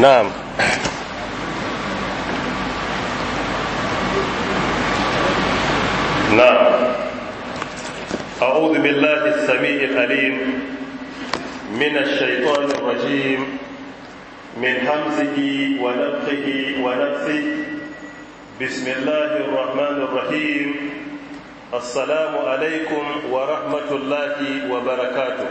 نعم نعم أعوذ بالله السميع الأليم من الشيطان الرجيم من همزه ونفخه ونفسه بسم الله الرحمن الرحيم السلام عليكم ورحمة الله وبركاته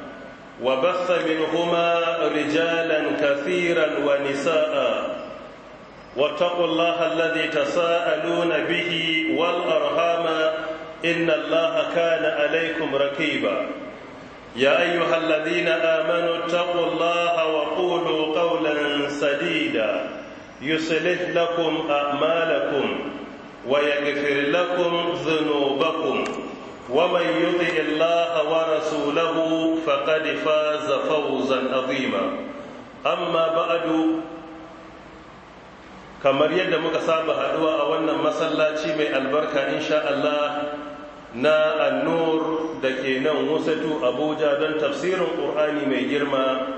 وبث منهما رجالا كثيرا ونساء واتقوا الله الذي تساءلون به والأرهام إن الله كان عليكم ركيبا يا أيها الذين آمنوا اتقوا الله وقولوا قولا سديدا يصلح لكم أعمالكم ويغفر لكم ذنوبكم ومن يطع الله ورسوله فقد فاز فوزا عظيما أما بعد kamar yadda muka saba haduwa a wannan masallaci mai albarka insha Allah na annur da ke nan wusatu abuja don tafsirin ƙur'ani mai girma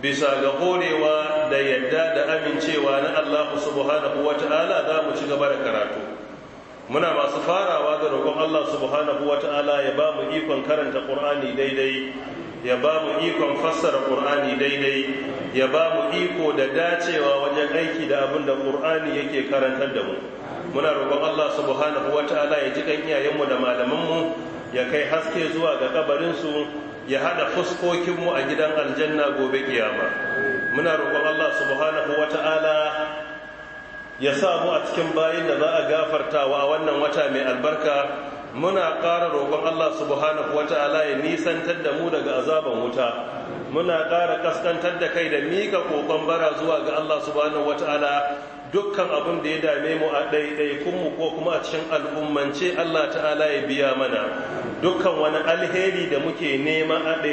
bisa ga horewa da yadda da amincewa na allahu subhanahu wa ta'ala za mu ci gaba da karatu muna masu farawa da roƙon Allah subhanahu wata'ala ya ba mu ikon karanta Qur'ani daidai ya ba mu ikon fassara ƙur'ani daidai ya ba mu iko da dacewa wajen aiki da abin da ƙur'ani yake karantar da mu muna roƙon Allah subhanahu wata'ala ya ji kan iyayenmu da malamanmu ya kai haske zuwa ga kabarinsu ya haɗa fuskokinmu a gidan aljanna gobe kiyama muna roƙon Allah subhanahu wata'ala ya sa mu a cikin bayin da za a gafartawa a wannan wata mai albarka muna ƙara roƙon Allah subhanahu ta'ala ya nisantar da mu daga azaban wuta muna ƙara kaskantar da kai da mika kokon bara zuwa ga Allah subhanahu ta'ala dukkan abin da ya dame mu a mu ko kuma a cikin al'ummance Allah ta'ala ya biya mana dukkan wani alheri da muke nema a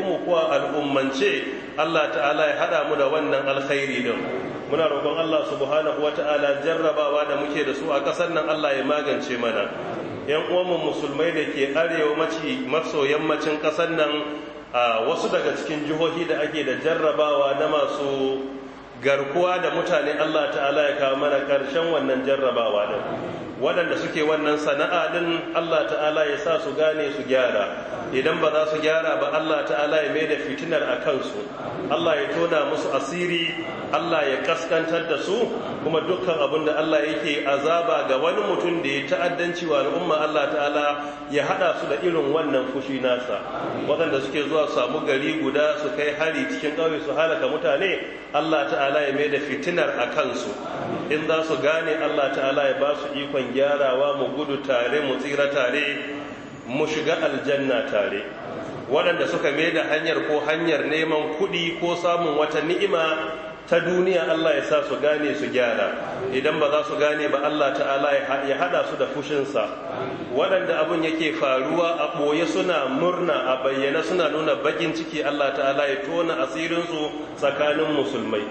mu ko a al'ummance Allah ta'ala ya haɗa mu da wannan alkhairi din muna roƙon Allah subhanahu wata'ala jarrabawa da muke da su a ƙasar nan Allah ya magance mana yan uwanmu musulmai da ke arewa maci maso yammacin ƙasar nan a wasu daga cikin jihohi da ake da jarrabawa na masu garkuwa da mutane Allah ta'ala ya kawo mana ƙarshen wannan jarrabawa da waɗanda suke wannan sana'a din Allah ta'ala ya sa su gane su gyara idan ba za su gyara ba Allah ta'ala ya maida fitinar a kansu Allah ya tona musu asiri Allah ya kaskantar da su kuma dukkan abin da Allah yake azaba ga wani mutum da ya ta'addanci wa al'umma Allah ta'ala ya hada su da irin wannan fushi nasa waɗanda suke zuwa samu gari guda su kai hari cikin ƙauye su halaka mutane Allah ta'ala ya da fitinar a kansu in za su gane Allah ta'ala ya ba su ikon mun gyarawa mu gudu tare mu tsira tare mu shiga aljanna tare waɗanda suka mai da hanyar ko hanyar neman kuɗi ko samun wata ni'ima ta duniya Allah ya sa su gane su gyara idan ba za su gane ba Allah ta'ala ya hada su da fushinsa waɗanda abin yake faruwa a ɓoye suna murna a bayyana suna nuna bakin ciki Allah ta'ala ya tona asirinsu tsakanin musulmai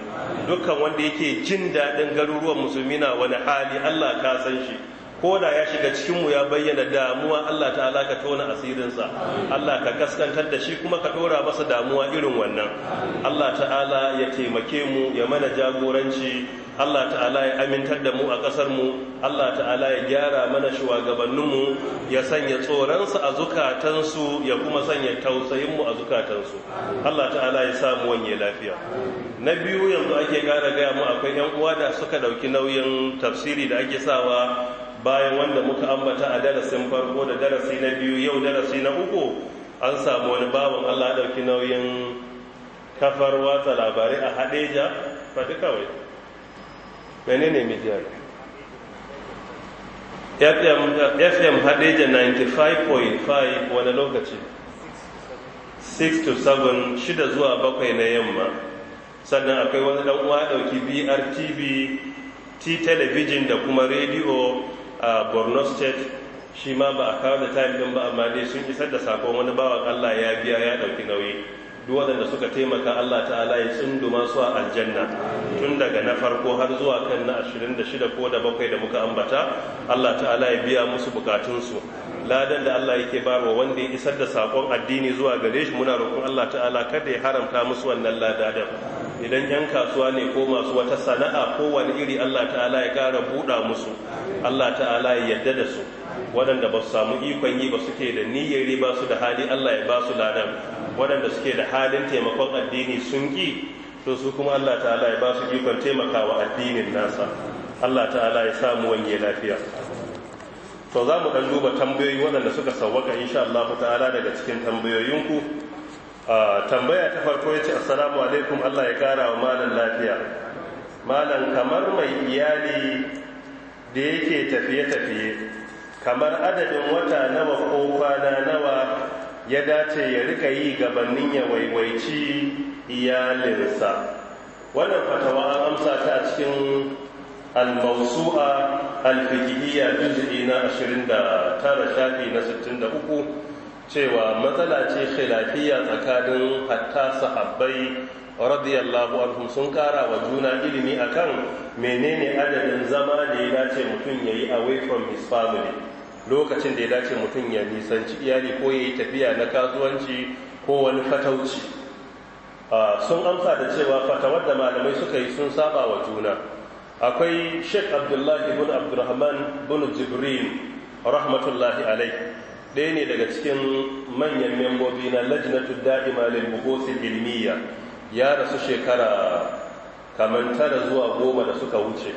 dukkan wanda yake jin daɗin garuruwan musulmi na wani hali Allah ka san shi ko da ya shiga cikinmu ya bayyana damuwa Allah ta'ala ka tona asirinsa Allah ka kaskantar da shi kuma ka tora masa damuwa irin wannan Allah ta'ala ya taimake mu ya mana jagoranci Allah ta'ala ya amintar da mu a mu. Allah ta'ala ya gyara mana shugabanninmu ya sanya tsoransu a zukatansu ya kuma sanya tausayin mu a zukatansu Allah ta'ala ya samu wanye lafiya na biyu yanzu ake kara gaya mu akwai 'yan uwa da suka ɗauki nauyin tafsiri da ake sawa bayan wanda muka ambata a darasin farko da darasi na biyu yau darasi na uku an samu wani bawan allah ɗauki nauyin kafar watsa labarai a hadeja faɗi kawai mene ne mijiyar fm hadeja 95.5 wani lokaci 6 to 7 shida zuwa bakwai na yamma sannan akwai wani ɗan uwa ɗauki brtv t television da kuma rediyo a borno state shi ma ba a kawo da time din ba amma dai sun isar da sakon wani bawan allah ya biya ya ɗauki nauyi duk waɗanda suka taimaka allah ta'ala ya tsunduma su a aljanna tun daga na farko har zuwa kan na 26 ko da bakwai da muka ambata allah ta'ala ya biya musu bukatunsu ladan da Allah yake barwa wanda ya isar da sakon addini zuwa gare shi muna roƙon Allah ta'ala kada ya haramta musu wannan ladan. idan yan kasuwa ne ko masu wata sana'a ko wani iri Allah ta'ala ya kara buɗa musu Allah ta'ala ya yadda da su waɗanda ba su samu ikon yi ba suke da niyyar ba su da hali Allah ya ba su ladan waɗanda suke da halin taimakon addini sun ƙi to su kuma Allah ta'ala ya ba su ikon taimakawa addinin nasa Allah ta'ala ya samu wanye lafiya to za mu ɗan duba tambayoyi waɗanda suka sawwaka insha Allah ta'ala daga cikin tambayoyinku tambaya ta farko ya ce assalamu alaikum allah ya kara wa malam lafiya malam kamar mai iyali da yake tafiye-tafiye kamar adadin wata nawa ko kwana nawa ya dace ya rika yi gabanin ya waiwaici iyalinsa wannan fatawa an amsa ta a cikin almausu'a alfikiyya juz'i na 29 shafi na 63 cewa matsala ce khilafiyya tsakanin hatta sahabbai radiyallahu anhum sun kara wa juna ilimi akan menene adadin zama da ya dace mutum yayi yi away from his family lokacin da ya dace mutum ya nisanci iyali ko yayi tafiya na kasuwanci ko wani fatauci sun amsa da cewa fatawar da malamai suka yi sun saba wa juna akwai sheikh abdullahi ibn abdurrahman bin jibril rahmatullahi alai ɗaya ne daga cikin manyan membobi na lajnatu da'ima lil buhuthi ilmiya ya rasu shekara kamar tara zuwa goma da suka wuce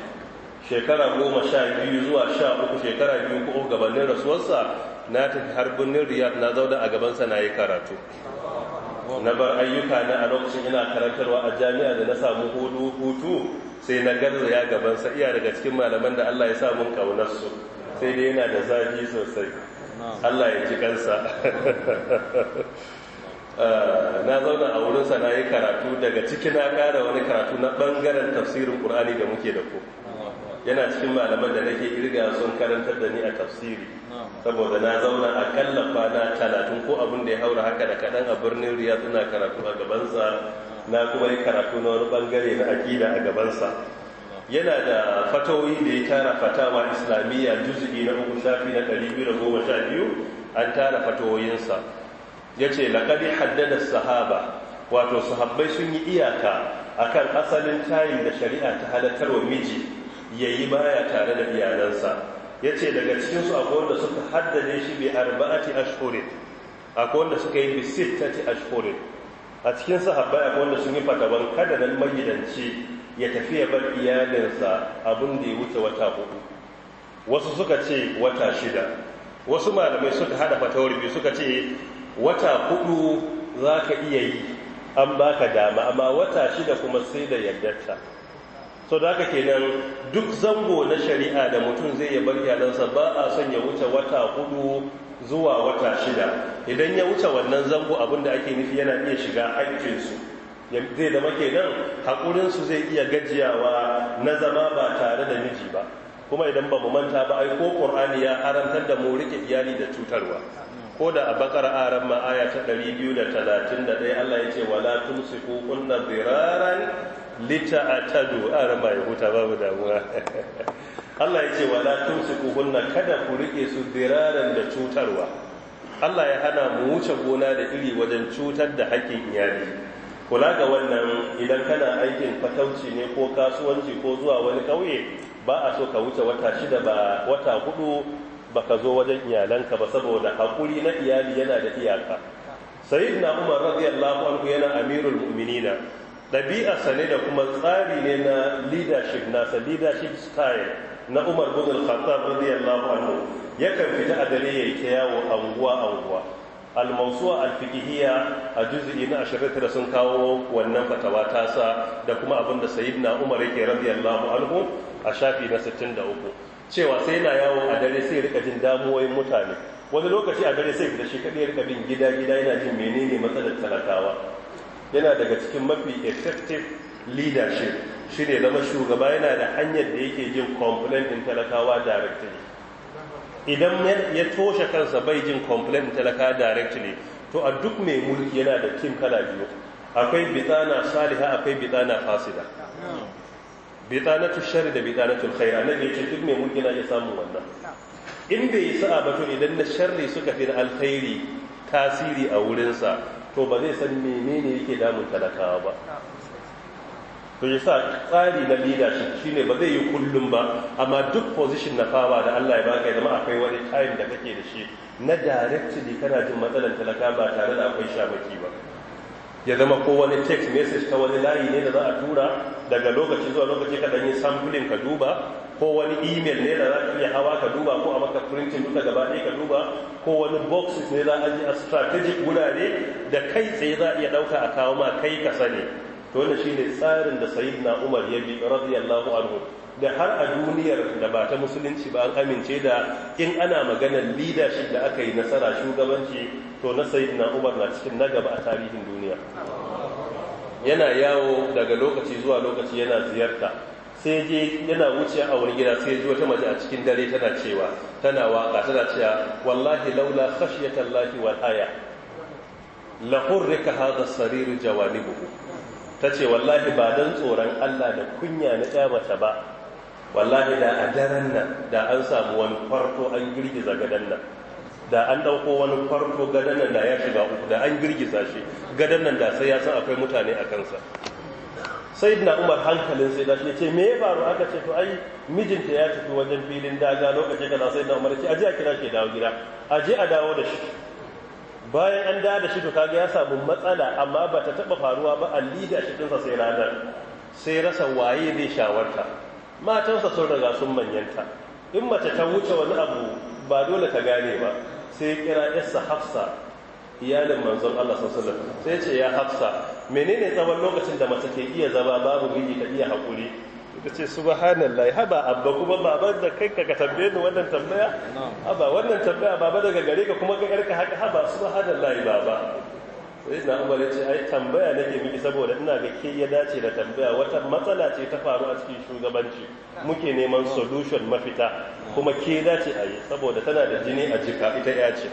shekara goma sha biyu zuwa sha uku shekara biyu ko gabanin rasuwarsa na tafi har birnin na zauna a gabansa na yi karatu na bar ayyuka na a lokacin ina karantarwa a jami'a da na samu hudu hutu sai na garza garzaya gabansa iya daga cikin malaman da allah ya sa mun ƙaunarsu sai dai yana da zafi sosai Allah ya ji kansa eh, na zauna a wurinsa na yi karatu daga ciki na ƙara wani karatu na ɓangaren tafsirin ƙur'ani da muke da ku yana cikin malaman da nake irga sun karantar da ni a tafsiri saboda na zauna a kallafa na talatin ko abin da ya haura haka da kaɗan a birnin riya suna karatu a gabansa na kuma yi karatu na wani ɓangare na aƙida a gabansa yana da fatawoyi da ya tara fatawa islamiyya juzu'i na uku shafi na 212 an tara fatawoyinsa ya ce laƙari haddada sahaba wato sahabbai sun yi iyaka a kan asalin tayin da shari'a ta halattar miji ya yi baya tare da iyalansa ya ce daga cikinsu akwai wanda suka haddade shi bi arba'ati ashhurin akwai wanda suka yi bi sittati a cikin sahabbai akwai wanda sun yi fatawan kada nan magidanci ya tafi ya bar iyalinsa abin da ya wuce wata hudu wasu suka ce wata shida wasu malamai suka hada fatawar biyu suka ce wata hudu za ka iya yi an baka dama amma wata shida kuma sai da yardarta so da ke kenan duk zango na shari'a da mutum zai yi bar iyalansa ba a son ya wuce wata hudu zuwa wata shida idan ya wuce wannan zango abin da ake nufi yana iya shiga aikinsu. zai zama kenan su zai iya gajiyawa na zama ba tare da miji ba kuma idan ba mu manta ba ai ko ƙur'ani ya haramtar da mu rike iyali da cutarwa ko da a baƙar aran ma aya ta 231 Allah ya ce wala tumsiku kunna ziraran lita'tadu aran ma ya huta babu damuwa Allah ya ce wala tumsiku kunna kada ku rike su ziraran da cutarwa Allah ya hana mu wuce gona da iri wajen cutar da hakkin iyali kula ga wannan idan kana aikin fatauci ne ko kasuwanci ko zuwa wani ƙauye ba a so ka wuce wata shida ba wata hudu ka zo wajen iyalanka ba saboda haƙuri na iyali yana da iyaka na umar radiyallahu anhu yana amirul mu'minina ɗabi'a sane da kuma tsari ne na leadership nasa leadership style na umar bin al-khattab radiyallahu anhu yakan fita a dare yayi ta yawo anguwa anguwa al-mawsu'a a juz'i na 29 sun kawo wannan fatawa ta sa da kuma abin da sayyidina Umar yake radiyallahu anhu a shafi na 63 cewa sai yana yawo a dare sai rika jin damuwoyin mutane wani lokaci a dare sai da shi kadai rika bin gida gida yana jin menene matsalar talakawa yana daga cikin mafi effective leadership shine zama shugaba yana da hanyar da yake jin complaint din talakawa directly idan ya toshe kansa bai jin complaint talaka directly to a duk mai mulki yana da kim kala biyu akwai bitana saliha akwai bitana fasida bitanatul shari da bitanatul khair annabi ya ce duk mai mulki yana ya samu wannan in bai yi sa'a ba idan na sharri suka fi da alkhairi tasiri a wurinsa to ba zai san menene yake damun talakawa ba to ya sa tsari na leadership shine ba zai yi kullum ba amma duk position na fama da Allah ya baka zama akwai wani time da kake da shi na directly kana jin matsalar talaka ba tare da akwai shamaki ba ya zama ko wani text message ta wani layi ne da za a tura daga lokaci zuwa lokaci ka yi sampling ka duba ko wani email ne da za ka iya hawa ka duba ko a maka printing duka gaba ɗaya ka duba ko wani box ne za a ji a strategic wurare da kai tsaye za a iya ɗauka a kawo ma kai ka sani to shi shine tsarin da na Umar ya bi radiyallahu anhu da har a duniyar da ba ta musulunci ba an amince da in ana maganar leadership da aka yi nasara shugabanci to na na Umar na cikin na gaba a tarihin duniya yana yawo daga lokaci zuwa lokaci yana ziyarta sai je yana wuce a wani gida sai zuwa wata mace a cikin dare tana cewa tana waka tana cewa wallahi laula khashyatallahi wal aya la hurrika hadha sarir jawanibuhu ta ce wallahi ba don tsoron Allah da kunya na kyamata ba wallahi da a daren nan da an samu wani kwarto an girgiza gadon nan da an ɗauko wani kwarto gadon nan da ya shiga uku da an girgiza shi gadon nan da sai ya san akwai mutane a kansa sai na umar hankalin sai dashi ce me ya faru aka ce to ai mijinta ya tafi wajen filin daga lokacin na sai na umar ce aje a kira shi dawo gida aje a dawo da shi bayan an da da shi to kaga ya samu matsala amma ba ta taba faruwa ba a liga cikin sa sai ranar sai rasa waye zai shawarta matansa sun riga sun manyanta in mace ta wuce wani abu ba dole ta gane ba sai kira yassa hafsa iyalin manzon Allah sallallahu alaihi wasallam sai ce ya hafsa menene tsawon lokacin da mace ke iya zama babu miji ta iya hakuri ita ce subhanallah haba abba kuma baban da kai ka tambaye ni wannan tambaya haba wannan tambaya baba daga gare ka kuma ga yarka haka haba subhanallah baba sai na umar ce ai tambaya nake miki saboda ina ga ke ya dace da tambaya wata matsala ce ta faru a cikin shugabanci muke neman solution mafita kuma ke dace ayi saboda tana da jini a jika ita ya ce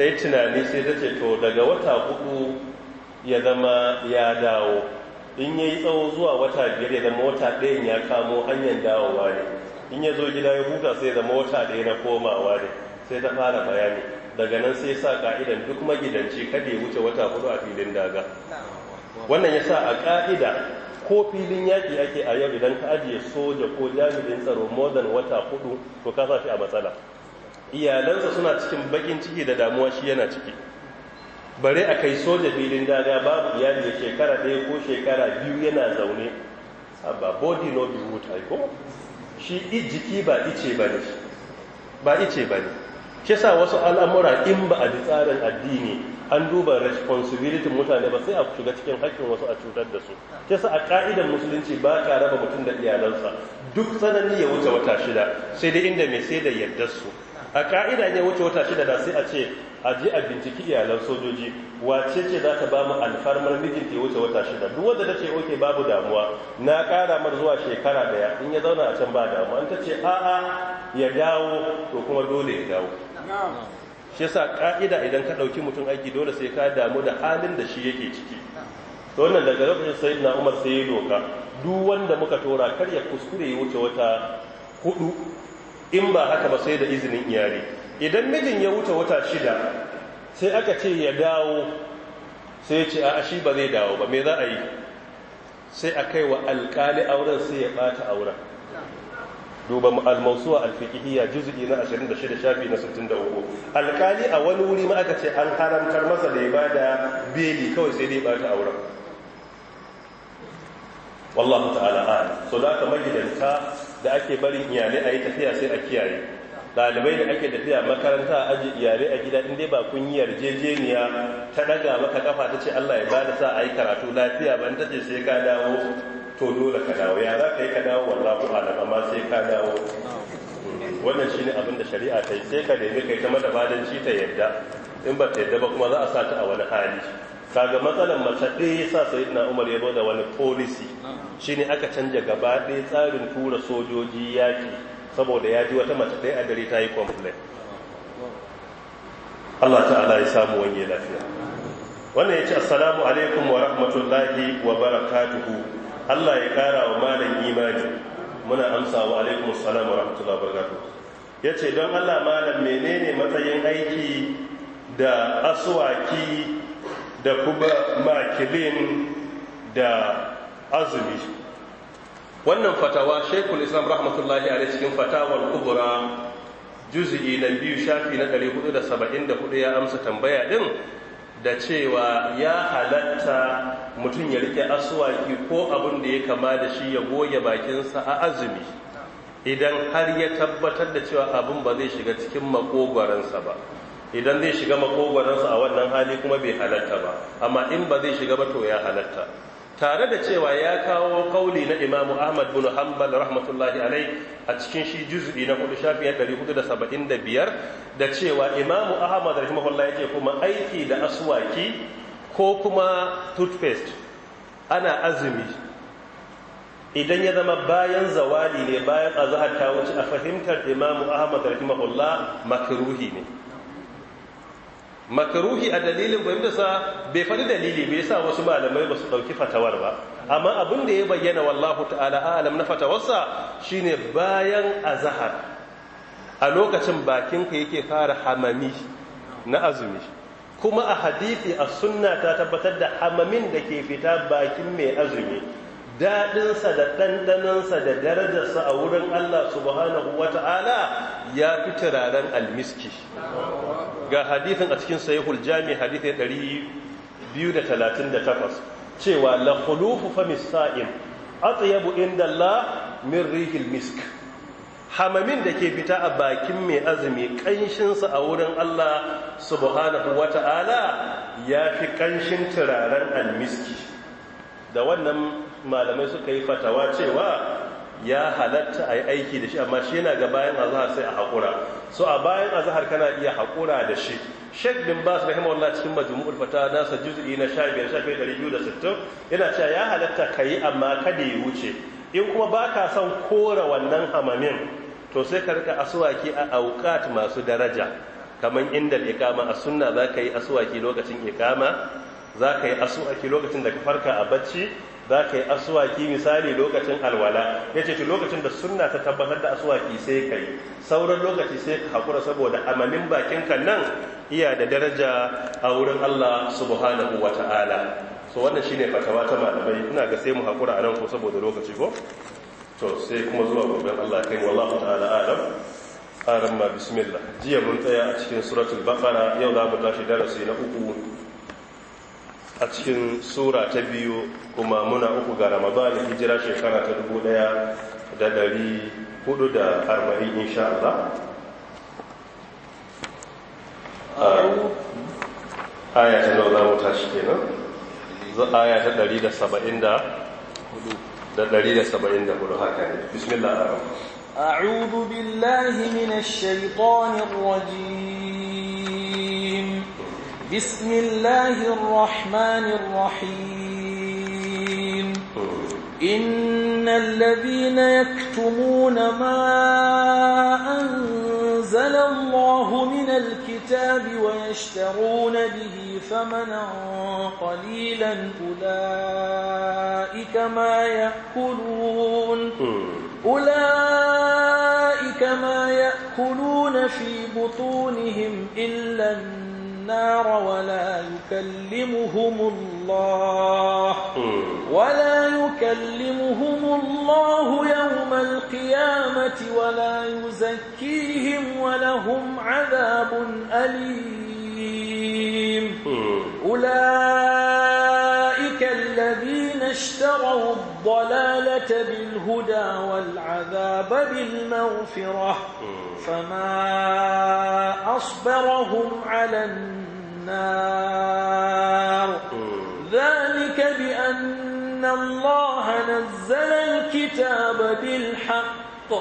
ta yi tunani sai ta ce to daga wata hudu ya zama ya dawo in yayi tsawo zuwa wata biyar ya zama wata ɗayan ya kamo hanyar dawowa ne in ya zo gida ya huta sai da mota wata ɗaya na komawa ne sai ta fara bayani daga nan sai sa ka'idan duk magidanci kada ya wuce wata hudu a filin daga wannan ya sa a ka'ida ko filin yaki ake a yau idan ka ajiye soja ko jami'in tsaro more than wata hudu to ka sa shi a matsala iyalansa suna cikin bakin ciki da damuwa shi yana ciki bare a kai soja filin daga babu iyali ya shekara ɗaya ko shekara biyu yana zaune ba body no be wood ko shi jiki ba ice ba ne ba ice ba ne shi sa wasu al'amura in ba a ji tsarin addini an duba responsibility mutane ba sai a shiga cikin haƙƙin wasu a cutar da su shi sa a ƙa'idan musulunci ba ka raba mutum da iyalansa duk tsanani ya wuce wata shida sai dai inda mai sai da yardar su a ƙa'ida ya wuce wata shida da sai a ce a ji a binciki iyalan sojoji wace ce za ta ba mu alfarmar mijin ya wuce wata shida duk wanda ta ce oke babu damuwa na kara mar zuwa shekara daya in ya zauna a can ba damuwa an ta ce a'a ya dawo to kuma dole ya dawo shi yasa ka'ida idan ka ɗauki mutum aiki dole sai ka damu da halin da shi yake ciki to wannan daga lokacin sai na umar sai ya doka duk wanda muka tora kar ya kuskure ya wuce wata hudu in ba haka ba sai da izinin iyali idan mijin ya wuce wata shida sai aka ce ya dawo sai ya ce a shi ba zai dawo ba me za a yi sai a kai wa alkali auren sai ya bata auren duba al-mawsu'a al na 26 shafi na 63 alkali a wani wuri ma aka ce an haramtar masa da ya ba da beli kawai sai dai bata auren wallahu ta'ala a'lam so da ka magidanta da ake barin iyalai a yi tafiya sai a kiyaye Dalibai da ake tafiya makaranta a aji iyalai a gida inda ba kun yi yarjejeniya ta daga maka kafa ta ce Allah ya bada sa a yi karatu lafiya ban ta ce sai ka dawo to dole ka dawo ya za ka yi ka dawo wallahu alam amma sai ka dawo wannan ne abin da shari'a ta yi sai ka nemi kai ta mata badanci ta yadda in ba ta yadda ba kuma za a sa ta a wani hali kaga matsalar mace ɗaya sa ina Umar ya zo da wani policy shine aka canja gaba ɗaya tsarin tura sojoji yaki saboda ya ji wata mace ɗaya a gari ta yi complain Allah ta'ala ya samu wani lafiya wannan ya ce assalamu alaikum wa rahmatullahi wa barakatuhu Allah ya kara wa malam imani muna amsa wa alaikum assalam wa rahmatullahi wa barakatuhu ya ce don Allah malam menene matsayin aiki da aswaki da kuma makilin da azumi wannan fatawa shekul islam rahmatullahi a cikin fatawar kubura juz'i na biyu shafi na 474 ya amsa tambaya din da cewa ya halatta mutum ya rike asuwaki ko abin da ya kama da shi ya goge bakinsa a azumi idan har ya tabbatar da cewa abin ba zai shiga cikin makogwaransa ba idan zai shiga makogwaransa a wannan hali kuma bai halatta ba amma in ba zai shiga ba to ya halatta tare da cewa ya kawo kauli na imamu ahmad bin hanbal rahmatullahi alai a cikin shi juzubi na hudu shafiyar 475 da cewa imamu ahmad rahimahullah yake kuma aiki da aswaki ko kuma toothpaste ana azumi idan ya zama bayan zawali ne bayan azahar ta wuce a fahimtar imamu ahmad rahimahullah makruhi ne makaruhi a dalilin sa bai faɗi dalili bai sa wasu malamai ba su ɗauki fatawar ba amma abin da ya bayyana wallahu ta'ala alam na fatawarsa shine bayan azahar a lokacin bakinka yake fara hamami na azumi kuma a hadithi a sunna ta tabbatar da hamamin da ke fita bakin mai azumi daɗinsa da ɗanɗanansa da darajarsa a wurin Allah subhanahu wa ta'ala ya fi turaren almiski ga hadithin a cikin sayihul jami hadithi 238 cewa la khulufu famis cewa atyabu inda Allah min rihil misk hamamin da ke fita a bakin mai azumi ƙanshinsa a wurin Allah subhanahu wata'ala ya fi ƙanshin turaren almiski da wannan malamai suka yi fatawa cewa ya halatta a yi aiki da shi amma shi yana ga bayan azahar sai a haƙura so a bayan azahar kana iya haƙura da shi shek bin bas allah cikin majmu'ul ulfata nasa juz'i na 15 shafi sittin. yana cewa ya halatta ka yi amma kada ya wuce in kuma ba ka son kora wannan hamamin to sai ka rika asuwaki a aukat masu daraja kamar inda ikama a sunna za ka yi asuwaki lokacin ikama za ka yi asuwaki lokacin da ka farka a bacci za ka yi asuwaki misali lokacin alwala ya ce lokacin da suna ta tabbatar da asuwaki sai ka yi sauran lokaci sai ka haƙura saboda amanin bakinka nan iya da daraja a wurin allah subhanahu wa ta'ala so wannan shi ne fatawa ta malamai ina ga sai mu haƙura a nan ko saboda lokaci ko to sai kuma zuwa gobe allah kai wallahu ta'ala alam aramma bismillah jiya mun tsaya a cikin suratul baqara yau za mu tashi darasi na uku a cikin sura ta biyu kuma muna uku ga ramadan hijira shekara ta dubu daya da dari hudu da arba'in insha Allah aya ta nau za mu tashi kenan aya ta dari da saba'in da hudu da dari da saba'in da hudu haka ne bismillah a'udhu billahi minash shaitanir rajim بسم الله الرحمن الرحيم إن الذين يكتمون ما أنزل الله من الكتاب ويشترون به ثمنا قليلا أولئك ما يأكلون أولئك ما يأكلون في بطونهم إلا النار النار ولا يكلمهم الله ولا يكلمهم الله يوم القيامة ولا يزكيهم ولهم عذاب أليم أولئك الذين اشتروا الضلالة بالهدى والعذاب بالمغفرة فما أصبرهم على النار ذلك بأن الله نزل الكتاب بالحق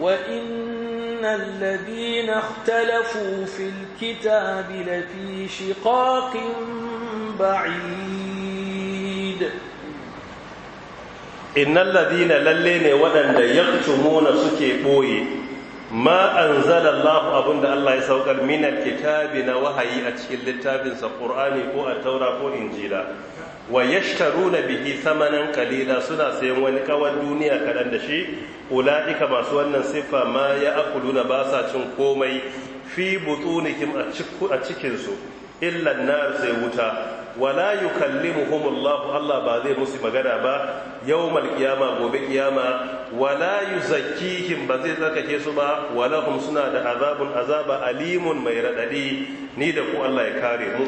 وإن الذين اختلفوا في الكتاب لفي شقاق بعيد innal ladina lalle ne waɗanda yaktumuna suke boye ma anzalallahu abinda Allah ya saukar mina kitabi na wahayi a cikin littafinsa qur'ani ko a taura ko injila wa na bihi samanin kalila suna sayan wani kawar duniya kaɗan da shi ula'ika masu wannan siffa ma ya akuluna ba sa cin komai fi butunikim a cikinsu illan nar sai wuta wala kalli Allah Allah ba zai musu magana ba yawmal qiyama gobe kiyama wala yuzakkihim ba zai tsarkake su ba kuma suna da azabun azaba alimun mai raɗaɗi ni da ku Allah ya kare mu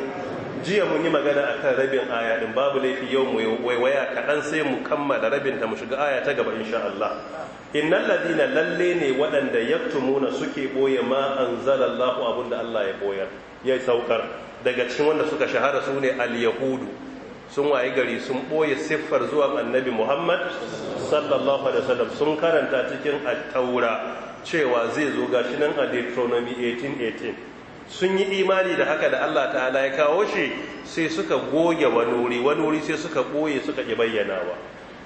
jiya mun yi magana a kan rabin aya din babu laifi yau mu waiwaya kaɗan sai mu kammala rabin ta mu shiga aya ta gaba insha Allah innal ladina lalle ne waɗanda yaktumuna suke boye ma abun da Allah ya boyar ya saukar daga cikin wanda suka shahara su ne al-yahudu sun waye gari sun boye siffar zuwa annabi muhammad sallallahu alaihi wasallam sun karanta cikin at-taura cewa zai zo gashi nan a deuteronomy 18:18 sun yi imani da haka da allah ta'ala ya kawo shi sai suka goge wani wuri sai suka boye suka ƙi bayyanawa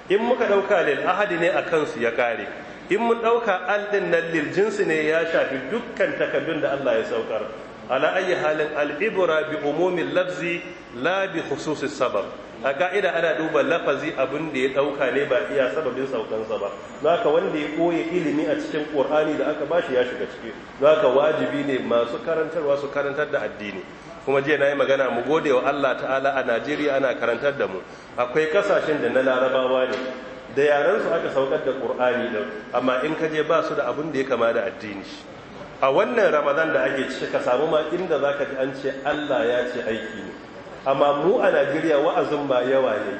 in muka ɗauka lil ahadi ne a kansu ya kare in mu ɗauka aldin nan lil jinsi ne ya shafi dukkan takardun da allah ya saukar ala ayi halin al'ibura bi umumin lafzi la bi khususis sabab a ka'ida ana duba lafazi abin da ya ɗauka ne ba iya sababin saukansa ba zaka wanda ya koye ilimi a cikin qur'ani da aka bashi ya shiga ciki zaka wajibi ne masu karantarwa su karantar da addini kuma jiya na yi magana mu gode wa Allah ta'ala a Najeriya ana karantar da mu akwai kasashen da na larabawa ne da yaransu aka saukar da qur'ani da amma in ka je ba su da abin da ya kama da addini a wannan ramadan da ake cike ka samu ma inda za ka ji an ce allah ya ce aiki ne amma mu a najeriya wa'azin ba yawa ne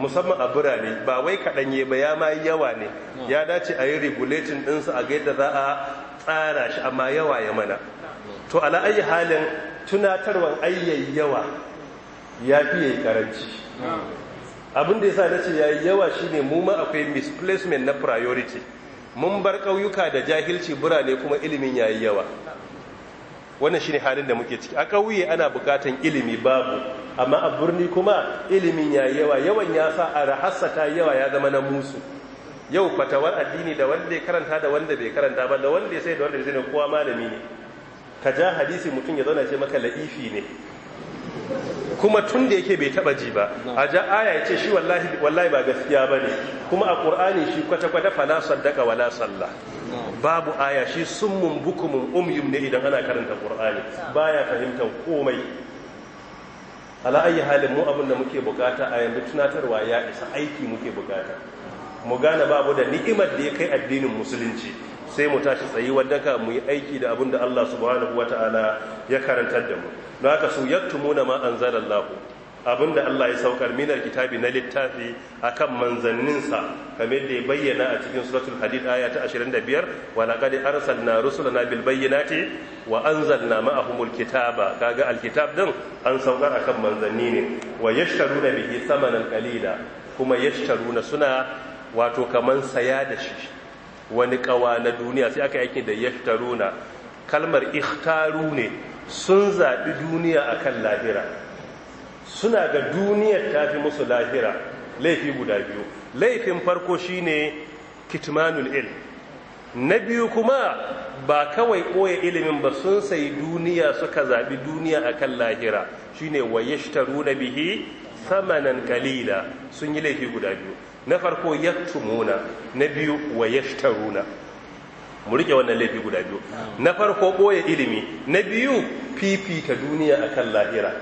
musamman a birane ba wai kaɗan yi ba ya ma yawa ne ya dace a yi riguletin ɗinsa a gaida za a tsara shi amma yawa ya mana to ala ayi halin tunatarwan ayyayi yawa ya fi yayi karanci abin da yasa ya yi yawa shine mu ma akwai misplacement na priority mun bar ƙauyuka da jahilci birane kuma ilimin yayi yawa wannan shine halin da muke ciki a ƙauye ana bukatan ilimi babu amma a birni kuma ilimin yayi yawa yawan ya sa a rahasa ta yawa ya zama na musu yau fatawar addini da wanda ya karanta da wanda bai karanta ba da wanda ya sai da wanda bai ne kowa malami ne ka ja hadisi mutum ya zauna ce maka la'ifi ne kuma tun da yake bai taba ji ba a ja aya ya ce shi wallahi ba gaskiya ba ne, kuma a ƙur'ani shi kwata kwata Fana, saddaka wala Sallah, babu aya shi summun bukumun umyum ne idan ana karanta ba ya fahimtar komai ala'ayi halin mu abin da muke bukata a yanzu tunatarwa ya isa aiki muke bukata mu gane babu da ni'imar da ya kai addinin musulunci sai mu tashi tsayi ka mu yi aiki da abin da Allah subhanahu ta'ala ya karantar da mu don haka su yaktumuna ma anzalallahu abin da Allah ya saukar minar kitabi na littafi akan manzanninsa kamar da ya bayyana a cikin suratul hadid aya ta 25 wa laqad arsalna rusulana bil bayyinati wa anzalna ma'ahumul kitaba kaga alkitab din an saukar akan manzanni ne wa yashtaruna bihi thamanan qalila kuma yashtaruna suna wato kaman saya da shi wani kawa na duniya sai aka yake da yashtaruna kalmar ikhtaru ne sun zaɓi duniya akan lahira suna ga duniyar ta fi musu lahira laifi guda biyu laifin farko shine kitmanul ilm na biyu kuma ba kawai ɓoye ilimin ba sun sayi duniya suka zaɓi duniya akan lahira shine wa na bihi samanan kalila sun yi laifi guda biyu na farko tumuna na biyu wa mu rike wannan laifi guda biyu na farko ɓoye ilimi na biyu fifita duniya akan lahira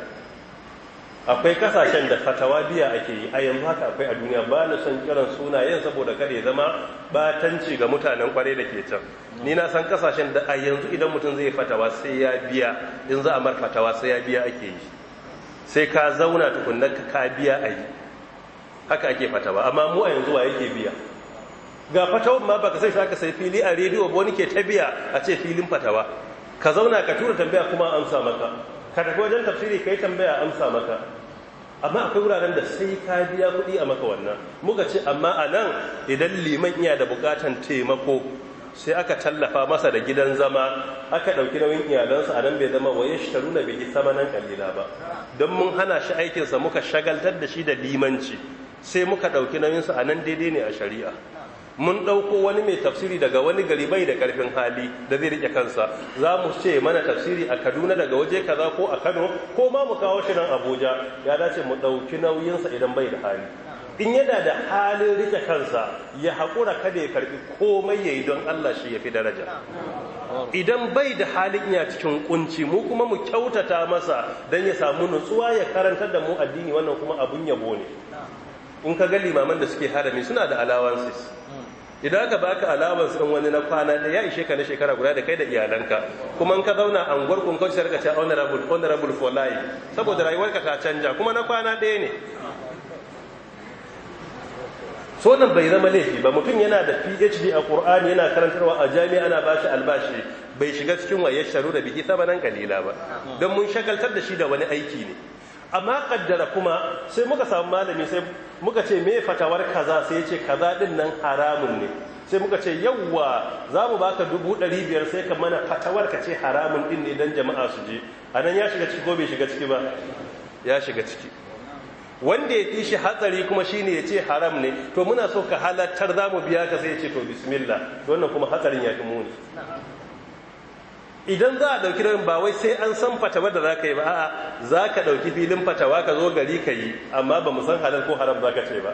akwai kasashen da fatawa biya ake yi a yanzu haka akwai a duniya ba na son kiran sunayen saboda kare zama batanci ga mutanen kware da ke can ni na san kasashen da a yanzu idan mutum zai fatawa sai ya biya in za a mar fatawa sai ya biya ake yi sai ka zauna tukunan ka biya a yi haka ake fatawa amma mu a yanzu wa yake biya ga fatawan ma baka sai aka sai fili a rediyo ba wani ke ta biya a ce filin fatawa ka zauna ka tura tambaya kuma amsa maka ka tafi wajen tafsiri kai tambaya amsa maka amma akwai wuraren da sai ka biya kuɗi a maka wannan muka ce amma a nan idan liman iya da bukatan taimako sai aka tallafa masa da gidan zama aka ɗauki nauyin iyalansa a nan bai zama waye shi taruna bai sama nan kalila ba don mun hana shi aikinsa muka shagaltar da shi da limanci sai muka ɗauki nauyinsu a nan daidai ne a shari'a mun ɗauko wani mai tafsiri daga wani gari bai da ƙarfin hali da zai riƙe kansa za mu ce mana tafsiri a kaduna daga waje kaza ko a kano ko ma mu kawo shi nan abuja ya dace mu ɗauki nauyinsa idan bai da hali in yana da halin riƙe kansa ya haƙura kada ya karɓi komai ya yi don allah shi ya fi daraja idan bai da halin ya cikin kunci mu kuma mu kyautata masa don ya samu nutsuwa ya karantar da mu addini wannan kuma abun yabo ne in ka ga limaman da suke harami suna da allowances idan ka baka allowance din wani na kwana ya ishe ka na shekara guda da kai da iyalanka kuma in ka zauna an unguwar kun kawai sarka ce honorable honorable for life saboda ka ta canja kuma na kwana ɗaya ne so nan bai zama laifi ba mutum yana da phd a qur'ani yana karantarwa a jami'a ana bashi albashi bai shiga cikin wayar sharu da biki nan kalila ba don mun shagaltar da shi da wani aiki ne amma kaddara kuma sai muka samu malami sai muka ce me fatawar kaza sai ya ce kaza din nan haramun ne sai muka ce yawwa za mu baka dubu ɗari biyar sai ka mana fatawar ka ce haramun din ne don jama'a su je a nan ya shiga ciki ko bai shiga ciki ba ya shiga ciki wanda ya fi shi hatsari kuma shi ne ya ce haram ne to muna so ka halattar za mu biya ka sai ya ce to bismillah wannan kuma hatsarin ya fi muni idan za a ɗauki nauyin ba wai sai an san fatawa da za ka yi ba a'a za ka ɗauki filin fatawa ka zo gari ka yi amma ba mu san halal ko haram za ka ce ba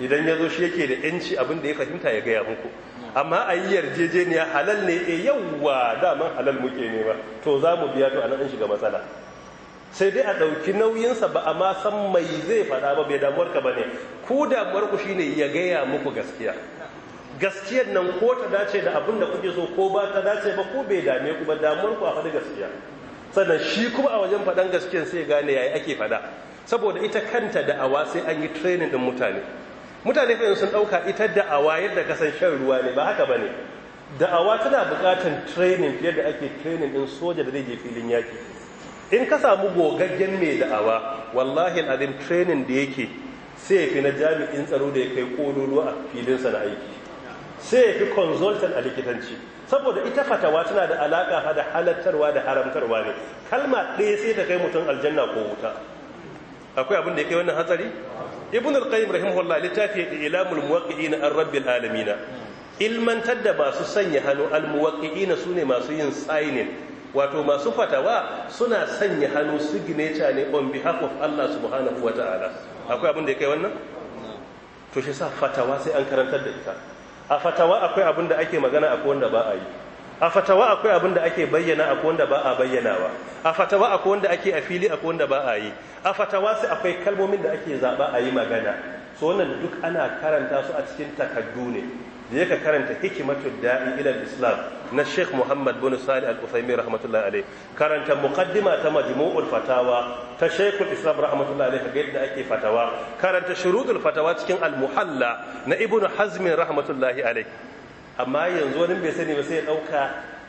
idan ya zo shi yake da yanci abin da ya fahimta ya gaya muku amma a yi yarjejeniya halal ne e eh, yawwa daman halal muke ne ba to za mu biya to a nan shiga matsala sai dai a ɗauki nauyinsa ba amma san mai zai faɗa ba bai damuwar ka ba ne ku da shine ya gaya muku gaskiya gaskiyar nan ko ta dace da abin da kuke so ko ba ta dace ba ko bai dame ku ba damuwar ku a faɗi gaskiya sannan shi kuma a wajen faɗan gaskiyar sai gane yayi ake faɗa saboda ita kanta da'awa sai an yi training din mutane mutane fa sun ɗauka ita da'awa yadda ka san shan ruwa ne ba haka bane da'awa tana buƙatar training fiye da ake training din soja da zai je filin yaki in ka samu gogaggen mai da'awa wallahi alazim training da yake sai ya fi na jami'in tsaro da ya kai kololuwa a filinsa na aiki sai ya fi consultant a likitanci saboda ita fatawa tana da alaka da halattarwa da haramtarwa ne kalma ɗaya sai ta kai mutum aljanna ko wuta akwai abin da ya kai wannan hatsari ibn al-qayyim rahimahullah littafi ya ilamul muwaqqi'ina an rabbil alamin ilmantar da masu sanya hannu al-muwaqqi'ina sune masu yin signing wato masu fatawa suna sanya hannu signature ne on behalf of Allah subhanahu wata'ala akwai abin da ya kai wannan to shi sa fatawa sai an karantar da ita a fatawa akwai abin da ake magana akwai wanda ba a yi a fatawa akwai abin da ake bayyana akwai wanda ba a bayyanawa a fatawa akwai wanda ake a fili akwai wanda ba a yi a fatawa sai akwai kalmomin da ake zaba a yi magana so wannan duk ana karanta su a cikin takaddu ne je ka karanta hikimatul da'i ilal islam na Sheikh Muhammad bin Salih Al-Uthaymeen rahmatullahi alayh karanta muqaddima ta majmu'ul fatawa ta Sheikh Islam rahmatullahi alayh ga yadda ake fatawa karanta shurudul fatawa cikin al-muhalla na Ibnu Hazm rahmatullahi alayh amma yanzu wani bai sani ba sai ya dauka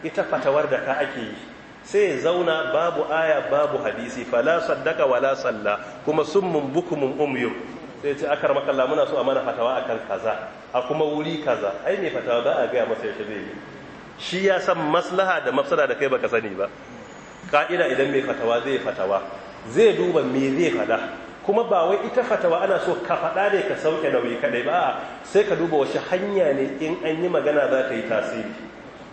ita fatawar da ka ake yi sai zauna babu aya babu hadisi fala saddaka wala salla kuma summun bukumun umyum sai ce akar ah, kalla muna so a mana fatawa a kan kaza a kuma wuri kaza ai mai fatawa ba a gaya masa yaushe zai yi shi ya san maslaha da mafsada da kai baka sani ba ka'ida idan mai fatawa zai fatawa zai duba me zai fada kuma ba wai ita fatawa ana so ka fada ne ka sauke nauyi kadai ba sai ka duba wasu hanya ne in an yi magana za ta yi tasiri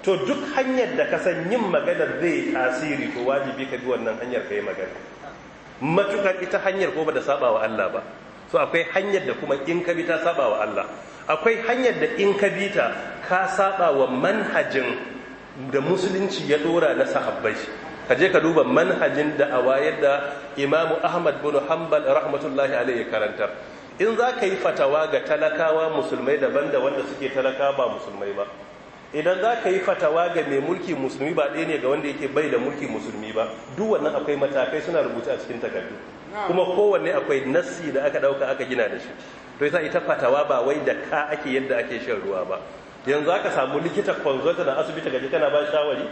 to duk hanyar da ka san yin magana zai tasiri to wajibi ka bi wannan hanyar ka yi magana matukar ita hanyar ko ba da saba wa Allah ba so akwai hanyar da kuma in ka bi ta saba wa Allah akwai hanyar da in ka bi ta ka saba wa manhajin da musulunci ya dora na sahabbai ka je ka duba manhajin da a wayar da imamu ahmad bin hanbal rahmatullahi alaihi karanta in za ka yi fatawa ga talakawa musulmai daban da wanda suke talaka ba musulmai ba idan za ka yi fatawa ga mai mulki musulmi ba ɗaya ne ga wanda yake bai da mulki musulmi ba duk wannan akwai matakai suna rubuta a cikin takardu kuma kowanne akwai nassi da aka dauka aka gina da shi to yasa ita fatawa ba wai da ka ake yadda ake shan ruwa ba yanzu aka samu likita consultant da asibiti gaji kana ba shawari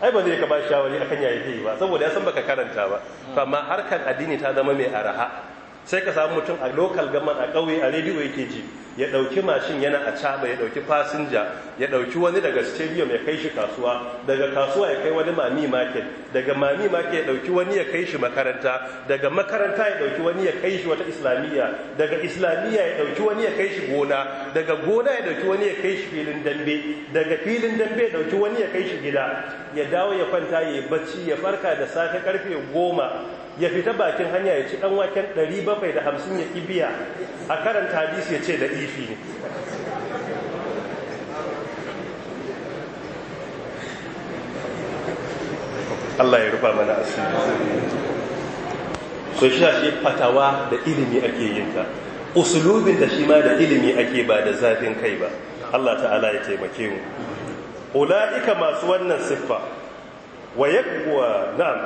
ai ba zai ka ba shawari akan yayi yi ba saboda ya san baka karanta ba hmm. to amma harkar addini ta zama mai araha sai ka samu mutum a local government a kauye a rediyo yake ji ya ɗauki mashin yana a caba ya ɗauki fasinja ya ɗauki wani daga stadium ya kai shi kasuwa daga kasuwa ya kai wani mami market daga mami market ya ɗauki wani ya kai shi makaranta daga makaranta ya ɗauki wani ya kai shi wata islamiyya daga islamiyya ya ɗauki wani ya kai shi gona daga gona ya ɗauki wani ya kai shi filin dambe daga filin dambe ya ɗauki wani ya kai shi gida ya dawo ya kwanta ya yi bacci ya farka da safe karfe goma ya fita bakin hanya ya ci ɗan waken 750 ya kibiya a karanta hadisi ya ce da i hadisi Allah ya rufa mana asiri so shi shi fatawa da ilimi ake yin ta usulubin da shi ma da ilimi ake ba da zafin kai ba Allah ta'ala ya taimake mu ula'ika masu wannan siffa wa yakwa na'am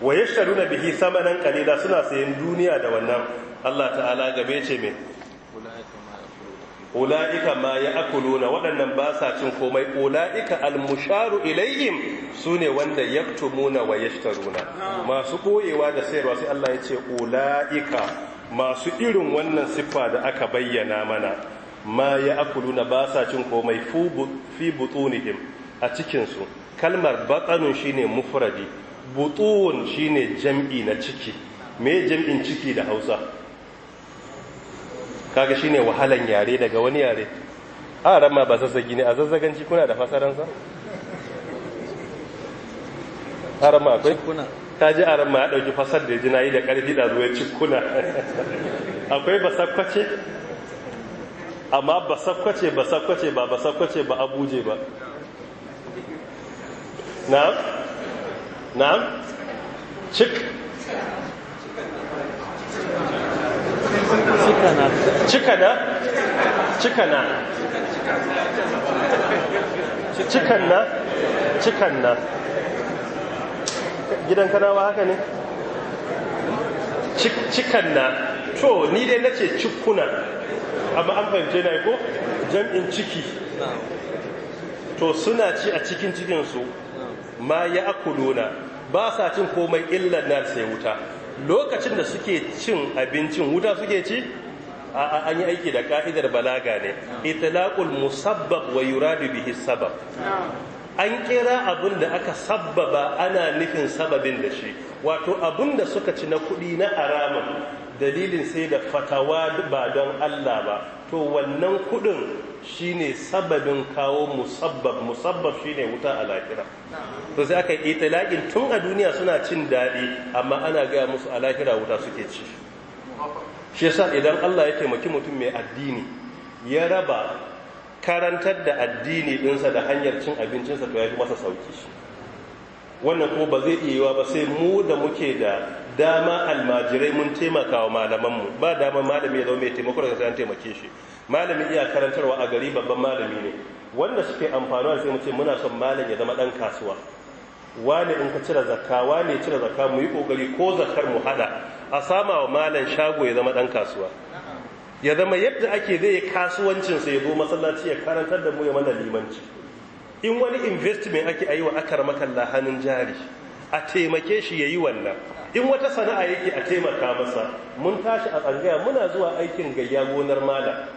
wa yashtaruna bihi samanan qalila suna sayan duniya da wannan Allah ta'ala game ce mai ula'ika ma ya akuluna waɗannan ba sa cin komai ula'ika almusharu ilayhim su ne wanda ya tumuna wa yashtaruna masu koyewa da sayarwa sai Allah ya ce ula'ika masu irin wannan siffa da aka bayyana mana ma ya akuluna ba sa cin komai fi butunihim a cikinsu kalmar batsanun shine mufradi butun shine jam'i na ciki me jam'in ciki da hausa kaga shine wahalan yare daga wani yare a ramma ba zazzagi ne a zazzaganci kuna da fasaransa a ramma akwai ta ji a ramma ya ɗauki fasar da jina yi da ƙarfi da zuwa cikuna akwai basakwace amma basakwace basakwace ba basakwace ba abuje ba na'am na'am cik cikana cikana cikanna cikanna haka ne cikanna to ni dai nace cikuna amma an fahimce na ko jam'in ciki to suna ci a cikin cikinsu ma ya akuluna ba sa cin komai illar na sai wuta lokacin da suke cin abincin wuta suke ci a an yi aiki da ka'idar balaga ne itlaqul musabbab wa yuradu bihi sabab an kera abin da aka sabbaba ana nufin sababin da shi wato abin da suka ci na kuɗi na aramun dalilin sai da fatawa ba don Allah ba to wannan kuɗin Shi ne sababin kawo musabbab musabbab ne wuta a lahira to sai aka yi talaƙin tun a duniya suna cin daɗi amma ana gaya musu a lahira wuta suke ci shi yasa idan Allah ya taimaki mutum mai addini ya raba karantar da addini ɗinsa da hanyar cin abincinsa to ya fi masa sauki wannan ko ba zai iya yiwa ba sai mu da muke da dama almajirai mun taimaka wa malamanmu ba dama malami ya zama mai taimako daga sai an taimake shi malami iya karantarwa a gari babban malami ne wanda suke amfanuwa sai mu ce muna son malam ya zama dan kasuwa Wani in ka cire zakka wane cire zakka mu yi kokari ko zakkar mu hada a sama wa malam shago ya zama dan kasuwa ya zama yadda ake zai yi kasuwancin sa ya zo masallaci ya karantar da mu ya mana limanci in wani investment ake ayi wa akar makalla hannun jari a taimake shi yayi wannan in wata sana'a yake a taimaka masa mun tashi a tsangaya muna zuwa aikin gayya gonar malam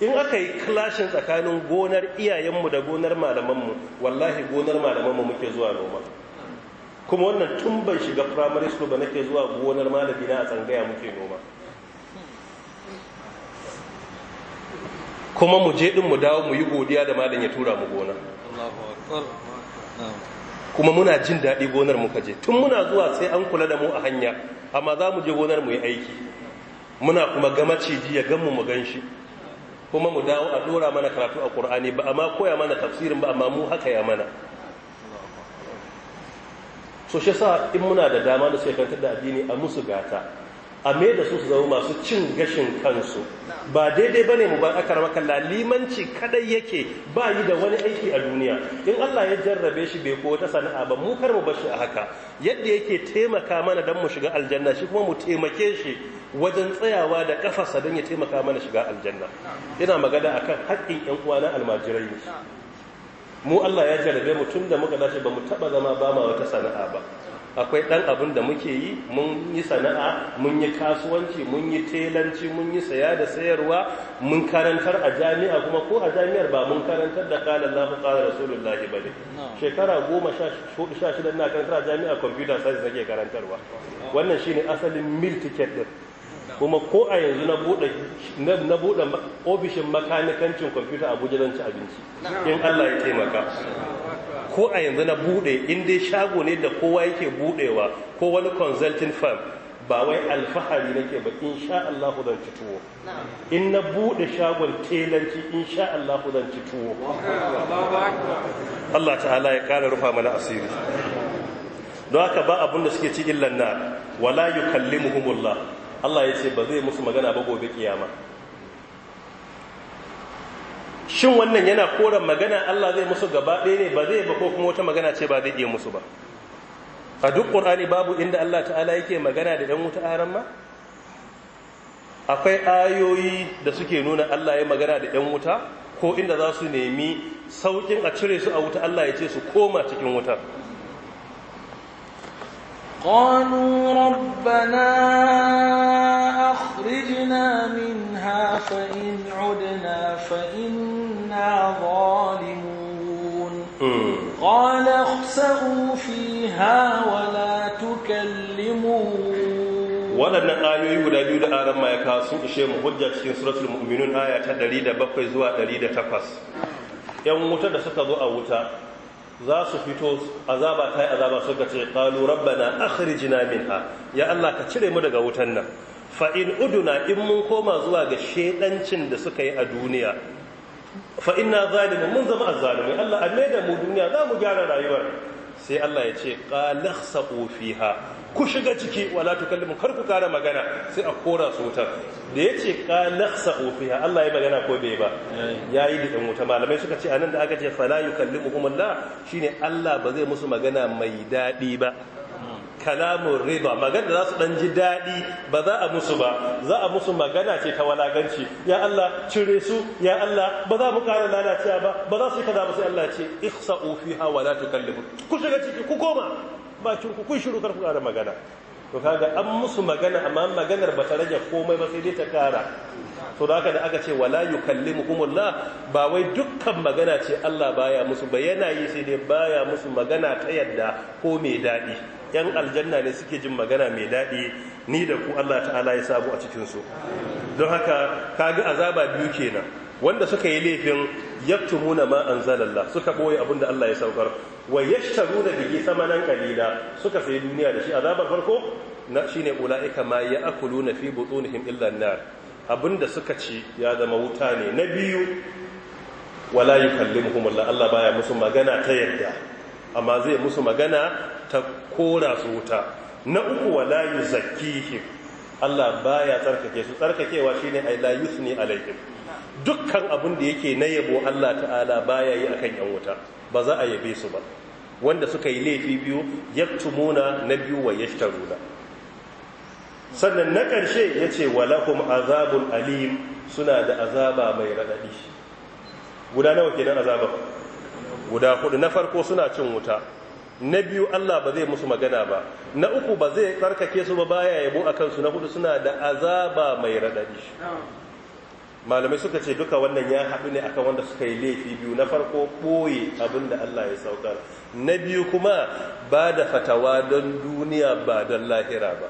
in aka yi clashin tsakanin gonar iyayenmu da gonar malamanmu wallahi gonar malamanmu muke zuwa noma kuma wannan tun ban shiga primary school ba nake zuwa gonar malami na a tsangaya muke noma kuma mu je din mu dawo mu yi godiya da malam ya tura mu gona kuma muna jin daɗi gonar muka je tun muna zuwa sai an kula da mu a hanya amma za mu je gonar mu yi aiki muna kuma ga maciji ya gan mu mu gan shi kuma mu dawo a dora mana karatu a Kur'ani ba amma koya mana tafsirin ba amma mu haka ya mana so shi sa in muna da dama da shekantar da addini a musu gata a mai da su su zama masu cin gashin kansu ba daidai ba ne mu ba akar makalla limanci kadai yake ba yi da wani aiki a duniya in Allah ya jarrabe shi bai ko ta sana'a ba mu kar mu bar shi a haka yadda yake taimaka mana dan mu shiga aljanna shi kuma mu taimake shi wajen tsayawa da kafarsa don ya taimaka mana shiga aljanna ina magana a kan haƙƙin ƴan uwana almajirai mu Allah ya jarabe mu tun da muka dace ba mu taba zama ba ma wata sana'a ba akwai ɗan abin da muke yi mun yi sana'a mun yi kasuwanci mun yi telanci mun yi saya da sayarwa mun karantar a jami'a kuma ko a jami'ar ba mun karantar da kala Allah rasulun lahi ba ne shekara goma sha shida na karantar a jami'a kwamfuta sai nake karantarwa wannan shine asalin mil ticket din kuma ko a yanzu na buɗe ofishin makanikancin kwamfuta abuja don abinci in allah ya taimaka ko a yanzu na buɗe in dai shago ne da kowa yake buɗewa ko wani consulting firm ba wai alfahari nake ba in sha Allah zan ci tuwo in na bude shagon telanci in sha Allah zan ci tuwo Allah ta'ala ya kara rufa mana asiri don haka ba abin da suke ci illan na wala yukallimuhumullah Allah ya ce ba zai musu magana ba gobe kiyama shin wannan yana koran magana Allah zai musu gaba ɗaya ne ba zai ba ko kuma wata magana ce ba zai iya musu ba a duk ƙur'ani babu inda Allah ta'ala yake magana da ɗan wuta aran ma akwai ayoyi da suke nuna Allah ya magana da ɗan wuta ko inda za su nemi sauƙin a cire su a wuta Allah ya ce su koma cikin wuta. قالوا ربنا أخرجنا منها فإن عدنا فإنا ظالمون hmm. قال اخسأوا فيها ولا تكلمون waɗannan ayoyi guda biyu da aran ma ya kawo sun ishe mu hujja cikin suratul mu'minun ɗari da bakwai zuwa ɗari da 108 'yan wuta da suka zo a wuta za su fito azaba ta yi azaba suka ce qalu rabbana akhrijna minha ya Allah ka cire mu daga wutan nan fa in uduna in mun koma zuwa ga shedancin da suka yi a duniya fa inna zalimun mun zama azzalimi Allah a da mu duniya za mu gyara rayuwar sai Allah ya ce qalakhsu fiha ku shiga ciki wala tukallimu kar ku kara magana sai a kora su wutar da yace qalakhsa ufiha Allah ya magana ko bai ba yayi da wuta malamai suka ce anan da aka ce fala yukallimuhumullah shine Allah ba zai musu magana mai dadi ba kalamun riba magana za su dan ji daɗi ba za a musu ba za a musu magana ce ta walaganci ya Allah cire su ya Allah ba za mu kara lalaciya ba ba za su yi kaza ba sai Allah ce ihsa'u fiha wala tukallimu ku shiga ciki ku koma ba ku kun shiru karku ƙara magana to kaga an musu magana amma maganar ba ta rage komai ba sai dai ta kara to da haka da aka ce wala yukallimukumullah ba wai dukkan magana ce Allah baya musu ba yana yi sai dai baya musu magana ta yadda ko mai dadi yan aljanna ne suke jin magana mai dadi ni da ku Allah ta'ala ya sabu a cikin su don haka kaga azaba biyu kenan wanda suka yi laifin yaktumuna ma anzalallah suka boye abin da Allah ya saukar wa da bihi samanan kalila suka sayi duniya da shi azabar farko na shine ulaika ma ya'kuluna fi butunihim illa an-nar abinda suka ci ya zama wuta ne na biyu wala yukallimuhum Allah Allah baya musu magana ta yadda amma zai musu magana ta kora su wuta na uku wala yuzakkihim Allah baya tsarkake su tsarkakewa shine ay la yusni alaihim dukkan abin da yake na yabo Allah ta'ala baya yi akan yan wuta ba za a yabe su ba wanda suka yi laifi biyu yaktumuna na biyu wa yashtaruna sannan na ƙarshe ya ce walakum azabun alim suna da azaba mai raɗaɗi guda nawa kenan azaba guda hudu na farko suna cin wuta na biyu Allah ba zai musu magana ba na uku ba zai tsarkake su ba baya yabo a kansu na hudu suna da azaba mai raɗaɗi malamai suka ce duka wannan ya haɗu ne akan wanda suka yi laifi biyu na farko ɓoye abin da Allah ya saukar na biyu kuma ba da fatawa don duniya ba don lahira ba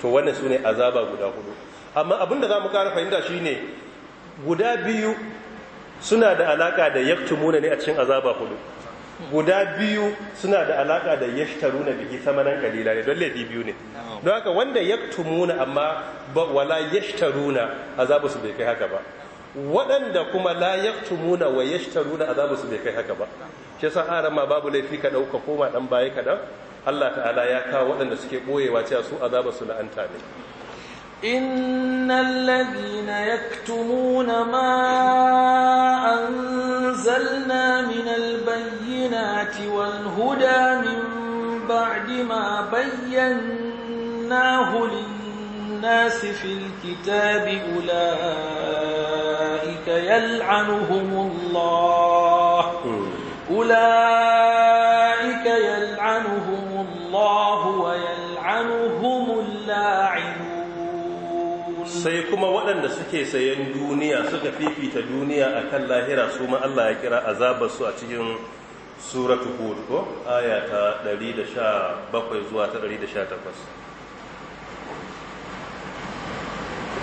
to wannan su ne azaba guda hudu amma abin da za mu kara fahimta shi ne guda biyu suna da alaka da yaktumuna ne a cikin azaba hudu guda biyu suna da alaka da yashtaru na bihi samanan kalila ne don laifi biyu ne don haka wanda tumuna amma wala za azabu su bai kai haka ba waɗanda kuma la tumuna wa za azabu su bai kai haka ba shi yasa ma babu laifi ka ɗauka, koma ɗan baya kaɗan, Allah ta'ala ya kawo waɗanda suke ɓoyewa, cewa su azabu su la'anta ne إن الذين يكتمون ما أنزلنا من البينات والهدى من بعد ما بيناه للناس في الكتاب أولئك يلعنهم الله أولئك sai kuma waɗanda suke sayan duniya suka fifita duniya a kan lahira su ma Allah ya kira azabarsu a cikin suratu hud ko aya ta 117 zuwa ta 118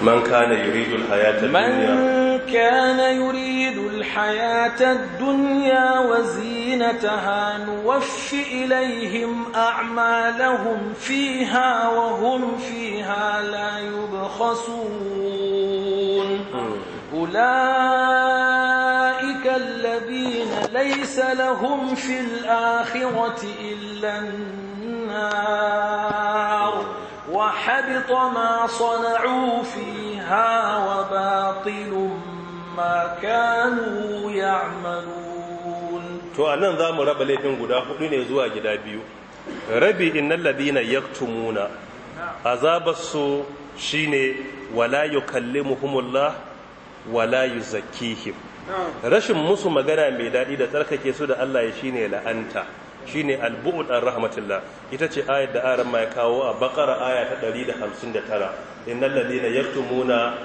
من yuridul hayata الحياة الدنيا من كان يريد الحياة الدنيا وزينة زينتها نوف إليهم أعمالهم فيها وهم فيها لا يبخسون أولئك الذين ليس لهم في الآخرة إلا النار وحبط ما صنعوا فيها وباطل ما كانوا يعملون to a nan za mu raba laifin guda hudu ne zuwa gida biyu rabi innal ladina yaktumuna azabarsu shine wala yukallimuhumullah wala zakihim rashin musu magana mai daɗi da tsarkake su da Allah ya ne la'anta shine ne an rahmatullah. ita ce ayar da aran mai ya kawo a bakara aya ta 159 innal ladina yaktumuna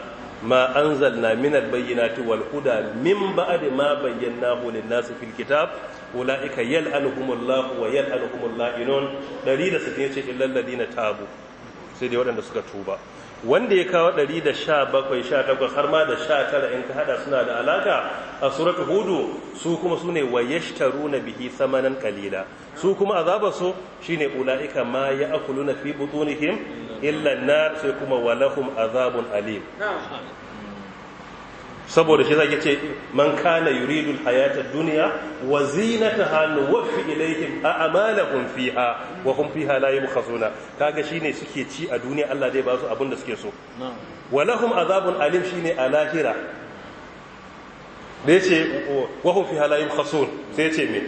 ma anzalna min albayyinati wal huda min ba'di ma bayyanahu lin nas fil kitab ulaika yal'anuhumullahu wa yal'anuhumul la'inun 160 yace illal ladina tabu sai dai waɗanda suka tuba wanda ya kawo 117 har ma da 19 in ka hada suna da alaka a suratu hudu su kuma su ne wa na bihi samanan kalila su kuma azabar su shine ulaika ma ya'kuluna fi butunihim illa na sai kuma walahum azabun alim saboda shi zaki ce man kana yuridul hayata dunya wa zinataha nuwaffi ilayhim a'malahum fiha wa hum fiha la yubkhasuna kaga shine suke ci a duniya Allah zai ba su abin da suke so wa lahum azabun alim shine a lahira da yace wa hum fiha la yubkhasun sai yace me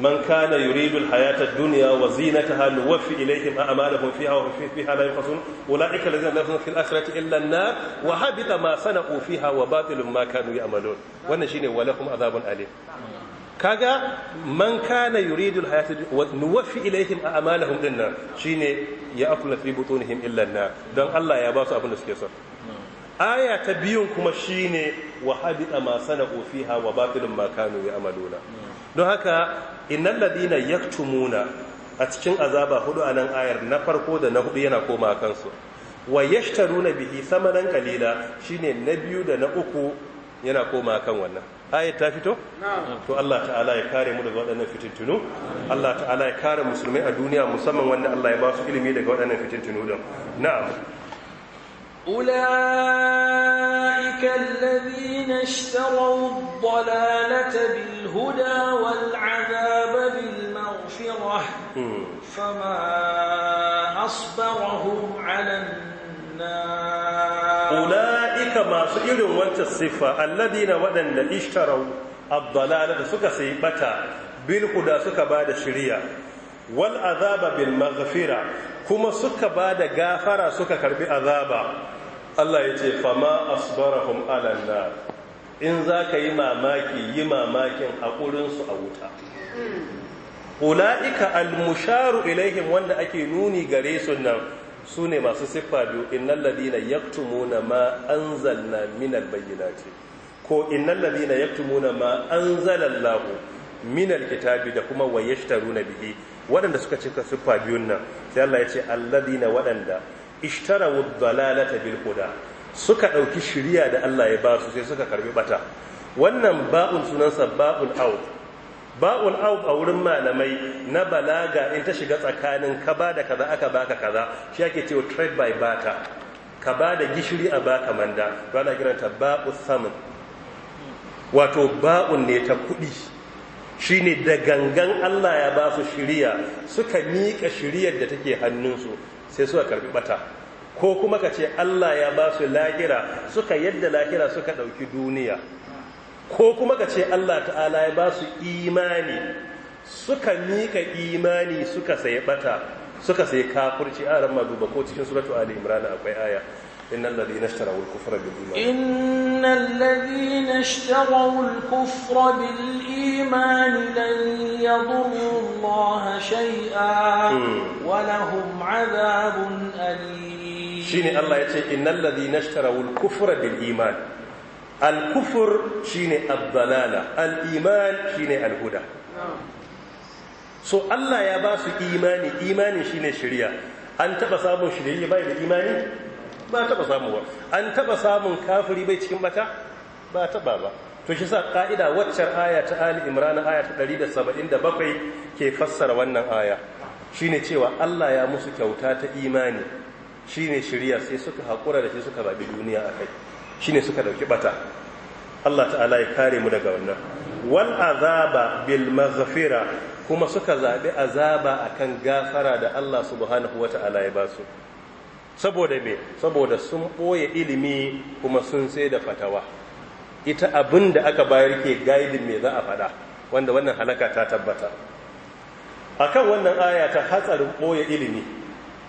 man kana yuridu alhayata ad-dunya wa zinataha nuwaffi ilayhim a'malahum fiha wa hum fiha la yuqasun ulaika alladhina la yuqasun fil akhirati illa an-nar wa habita ma sana'u fiha wa batilun ma kanu ya'malun wannan shine walahum azabun alim kaga man kana yuridu alhayata nuwaffi ilayhim a'malahum dinna shine ya akula fi butunihim illa an-nar dan Allah ya ba su abin da suke so aya ta biyun kuma shine wa habita ma sana'u fiha wa batilun ma kanu ya'maluna don haka innal ladina yaktumuna a cikin azaba hudu a nan ayar na farko da na hudu yana koma kansu wa yashtaruna bihi samanan qalila shine na biyu da na uku yana koma kan wannan ayat ta fito to Allah ta'ala ya kare mu daga waɗannan fitintunu Allah ta'ala ya kare musulmai a duniya musamman wanda Allah ya ba su ilimi daga wadannan fitintunu din na'am أولئك الذين اشتروا الضلالة بالهدى والعذاب بالمغفرة فما أصبرهم على النار أولئك ما سئلوا وانت الصفة الذين ودن اشتروا الضلالة سكسي بتا بالهدى سكباد الشريعة wal azaba bil maghfira kuma suka bada gafara suka karbi azaba Allah ya ce fama asbarahum alan nar in za ka yi mamaki yi mamakin haƙurinsu a wuta ula'ika musharu ilaihim wanda ake nuni gare su nan su ne masu siffa biyu innal ladina yaktumuna ma anzalna al bayyinati ko innal ladina yaktumuna ma anzalallahu al kitabi da kuma wayashtaruna bihi waɗanda suka cika siffa biyun nan sai Allah ya ce alladina waɗanda ishtarawu dalalata bil huda suka dauki shiriya da Allah ya ba su sai suka karbi bata wannan ba'un sunansa ba'ul aw ba'ul aw a wurin malamai na balaga in ta shiga tsakanin ka ba da kaza aka baka kaza shi ake cewa trade by bata ka ba da gishiri a baka manda ba na kiranta ba'u samun wato ba'un ne ta kuɗi ne da gangan Allah ya ba su shiriya suka miƙa shiriyar da take hannunsu sai suka karbi bata ko kuma ka ce Allah ya ba su lahira suka yadda lahira suka ɗauki duniya ko kuma ka ce Allah ta'ala ya ba su imani suka mika imani suka sai bata suka saya kafurci a ran maduba ko cikin suratu ali imran akwai aya إن الذين اشتروا الكفر بالإيمان إن الذين اشتروا الكفر بالإيمان لن يضروا الله شيئا ولهم عذاب أليم شيني الله يتي إن الذين اشتروا الكفر بالإيمان الكفر شيني الضلالة الإيمان شيني الهدى so Allah ya ba su imani imani shine shari'a an taba samun shari'a bai da imani ba taba samu ba an taba samun kafiri bai cikin bata ba taba ba to shi sa ka'ida waccan aya ta ali imran aya ta 177 ke fassara wannan aya shine cewa Allah ya musu kyauta ta imani shine shirya sai suka hakura da shi suka babi duniya akai shine suka dauki bata Allah ta'ala ya kare mu daga wannan wal azaba bil maghfira kuma suka zabi azaba akan gafara da Allah subhanahu wata'ala ya basu saboda me saboda sun ɓoye ilimi kuma sun sai da fatawa ita abinda aka bayar ke gaidin me za a faɗa wanda wannan halaka ta tabbata akan wannan aya ta hatsarin ɓoye ilimi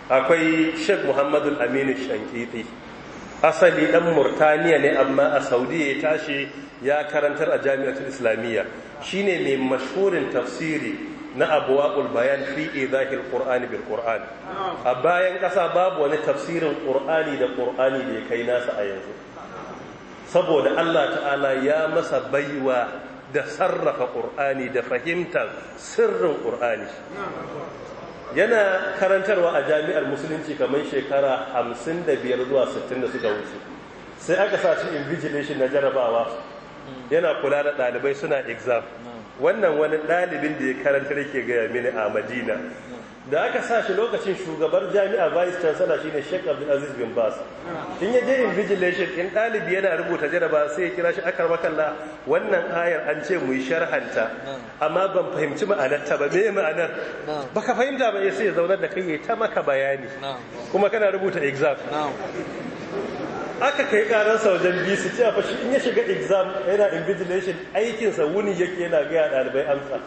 akwai sheikh muhammadu aminu shankiti asali ɗan murtaniya ne amma a saudi ya tashi ya karantar a jami'atul islamiyya shine mai mashhurin tafsiri na abwaqul bayan fi zahir qur'ani bil a bayan ƙasa babu wani tafsirin ƙur'ani da ƙur'ani da ya kai nasa a yanzu saboda Allah ta'ala ya masa baiwa da sarrafa ƙur'ani da fahimtar sirrin ƙur'ani yana karantarwa a jami'ar musulunci kamar shekara 55 zuwa 60 da suka wuce sai aka sa shi invigilation na jarabawa yana kula da ɗalibai suna exam wannan wani ɗalibin da ya karanta yake gaya mini a madina da aka sa shi lokacin shugabar jami'a vice chancellor shine Sheikh Abdul Aziz bin Bas in yaje invigilation in dalibi yana rubuta jaraba sai ya kira shi akar makalla wannan ayar an ce mu yi sharhanta amma ban fahimci ma'anar ta ba me ma'anar baka fahimta ba sai ya zaunar da kai ya ta maka bayani kuma kana rubuta exam aka kai karansa wajen ce a fashi in ya shiga exam yana invigilation aikinsa wuni yake yana gaya ɗalibai amsa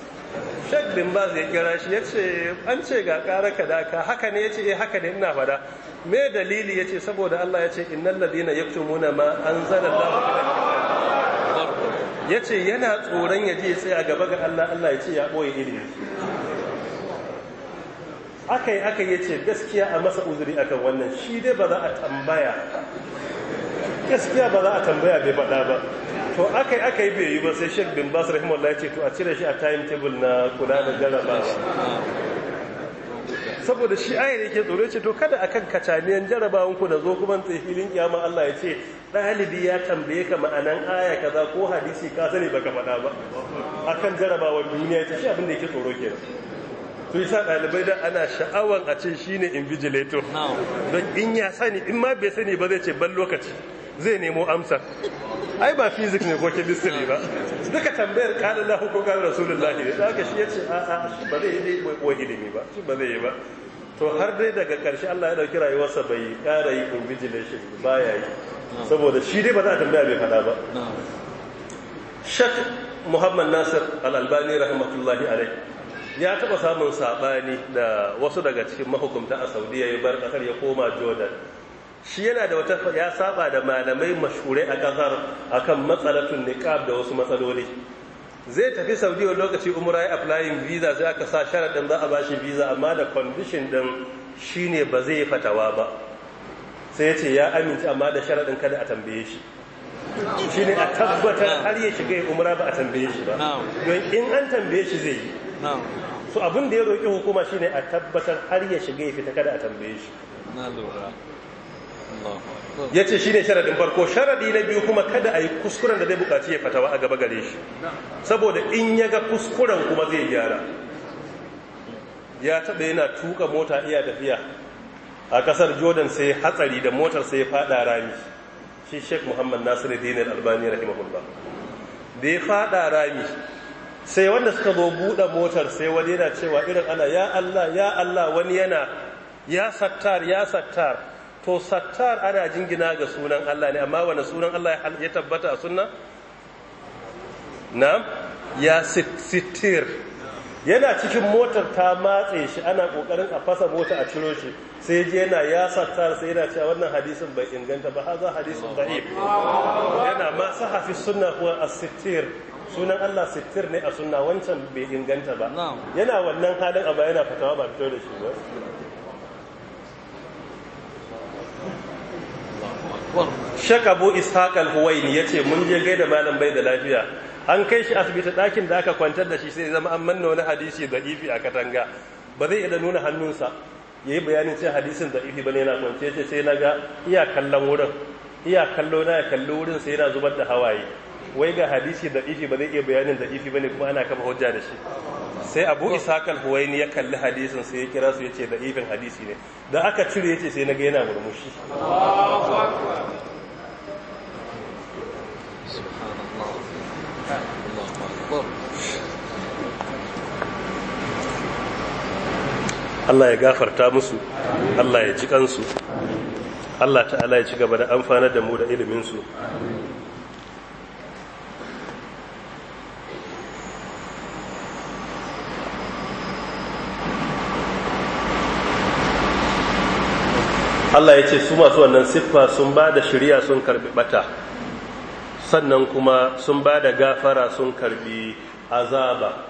shek bin ba zai kira shi ya ce an ce ga ƙara ka daka haka ne ya ce eh haka ne ina fada me dalili ya ce saboda allah ya ce innal ladina yaktumuna ma allah ya ce yana tsoron ya je ya tsaya gaba ga allah allah ya ce ya ɓoye ilimi aka yi aka yi ce gaskiya a masa uzuri akan wannan shi dai ba za a tambaya gaskiya ba za a tambaya bai faɗa ba to akai akai bai yi ba sai shek bin basu rahimahullah ya ce to a cire shi a time table na kula da jarabawa saboda shi ayar yake tsoro ce to kada a akan kacaniyan jarabawan ku da zo kuma filin kiyama Allah ya ce ɗalibi ya tambaye ka ma'anan aya kaza ko hadisi ka sani baka faɗa ba akan jarrabawar duniya ya ce shi abin da yake tsoro kenan to yasa ɗalibai da ana sha'awan a ce shine invigilator don in ya sani in ma bai sani ba zai ce ban lokaci zai nemo amsa ai ba physics ne ko chemistry ba duka tambayar kana Allah ko kana rasulullahi da haka shi yace a a shi ba zai yi ba shi ba zai yi ba to har dai daga karshe Allah ya dauki rayuwarsa bai kara yi invigilation ba ya yi saboda shi dai ba za a tambaya bai fada ba shak muhammad nasir al-albani rahmatullahi alaihi ya taba samun sabani da wasu daga cikin mahukunta a saudiya ya bar kasar ya koma jordan shi yana da wata ya saba da malamai mashhurai a kasar akan matsalatun niqab da wasu matsaloli zai tafi saudi wani lokaci umra ya applying visa sai aka sa sharaɗin za a ba shi visa amma da condition din shine ba zai yi fatawa ba sai ya ce ya amince amma da sharaɗin kada a tambaye shi shine a tabbatar har ya shiga ya umra ba a tambaye shi ba don in an tambaye shi zai yi so abin da ya roƙi hukuma shine a tabbatar har ya shiga ya fita kada a tambaye shi yace ce shi ne sharaɗin farko sharaɗi na biyu kuma kada a yi kuskuren da zai bukaci ya fatawa a gaba gare shi saboda in ya ga kuskuren kuma zai gyara ya taɓa yana tuka mota iya tafiya a ƙasar jordan sai hatsari da motar sai faɗa rami shi sheik muhammad nasiru dinar albani rahimahullah da ya faɗa rami sai wanda suka zo buɗe motar sai wani yana cewa irin ana ya allah ya allah wani yana ya sattar ya sattar to sattar ana jingina ga sunan Allah ne amma wani sunan Allah ya tabbata a sunna na ya sittir yana cikin motar ta matse shi ana kokarin a fasa mota a ciro shi sai je yana ya sattar sai yana cewa wannan hadisin bai inganta ba haza hadisin da'if yana ma sahafi sunna kuwa as-sittir sunan Allah sittir ne a sunna wancan bai inganta ba yana wannan halin amma yana fatawa ba fito da shi ba Sheikh Abu Ishaq Al-Huwaini yace mun je gaida malam bai da lafiya an kai shi asibiti ɗakin da aka kwantar da shi sai zama an manna wani hadisi da ifi a katanga ba zai iya nuna hannunsa yayi bayanin cewa hadisin da ifi bane na kwance ce sai naga iya kallon wurin iya kallo na ya kallo wurin sai yana zubar da hawaye wai ga hadisi da ifi ba zai iya bayanin da ifi bane kuma ana kafa hujja da shi sai abu isa al-huwaini ya kalli hadisin sai ya kira su yace da ifin hadisi ne da aka cire yace sai naga yana murmushi Allah ya gafarta musu Allah ya ji kansu Allah ta'ala ya ci gaba da amfana da mu da iliminsu Allah ya ce su masu wannan siffa sun ba da shirya sun karbi bata sannan kuma sun ba da gafara sun karbi azaba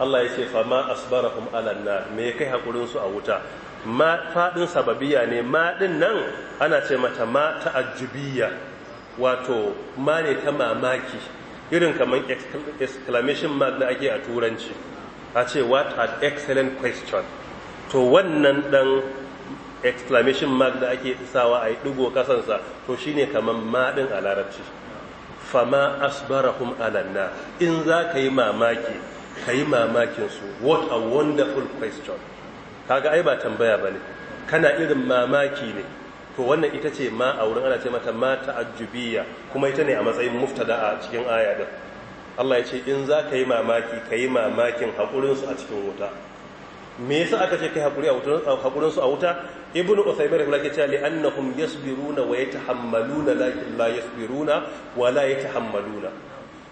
Allah ya ce fama asbarahum alanna me kai su a wuta ma fadin sababiya ne ma din nan ana ce mata ma ta'ajjubiyya wato ma ne ta mamaki irin kamar exclamation mark da ake a turanci a ce what an excellent question to wannan dan exclamation mark da ake sawa a yi ɗigo kasansa to shi ne kamar maɗin a larabci fama asbarahum alanna in za ka yi mamaki ka yi mamakinsu what a wonderful question kaga ai ba tambaya ba ne kana irin mamaki ne to wannan ita ce ma a wurin ana ce mata mata ta'ajjubiyya kuma ita ne a matsayin muftada a cikin aya ɗin Allah ya ce in za ka yi mamaki ka yi mamakin haƙurinsu a cikin wuta me yasa aka ce kai hakuri a wuta hakurin su a wuta ibnu usaymin rahimahullah ke cewa annahum yasbiruna wa yatahammaluna la illa yasbiruna wa la yatahammaluna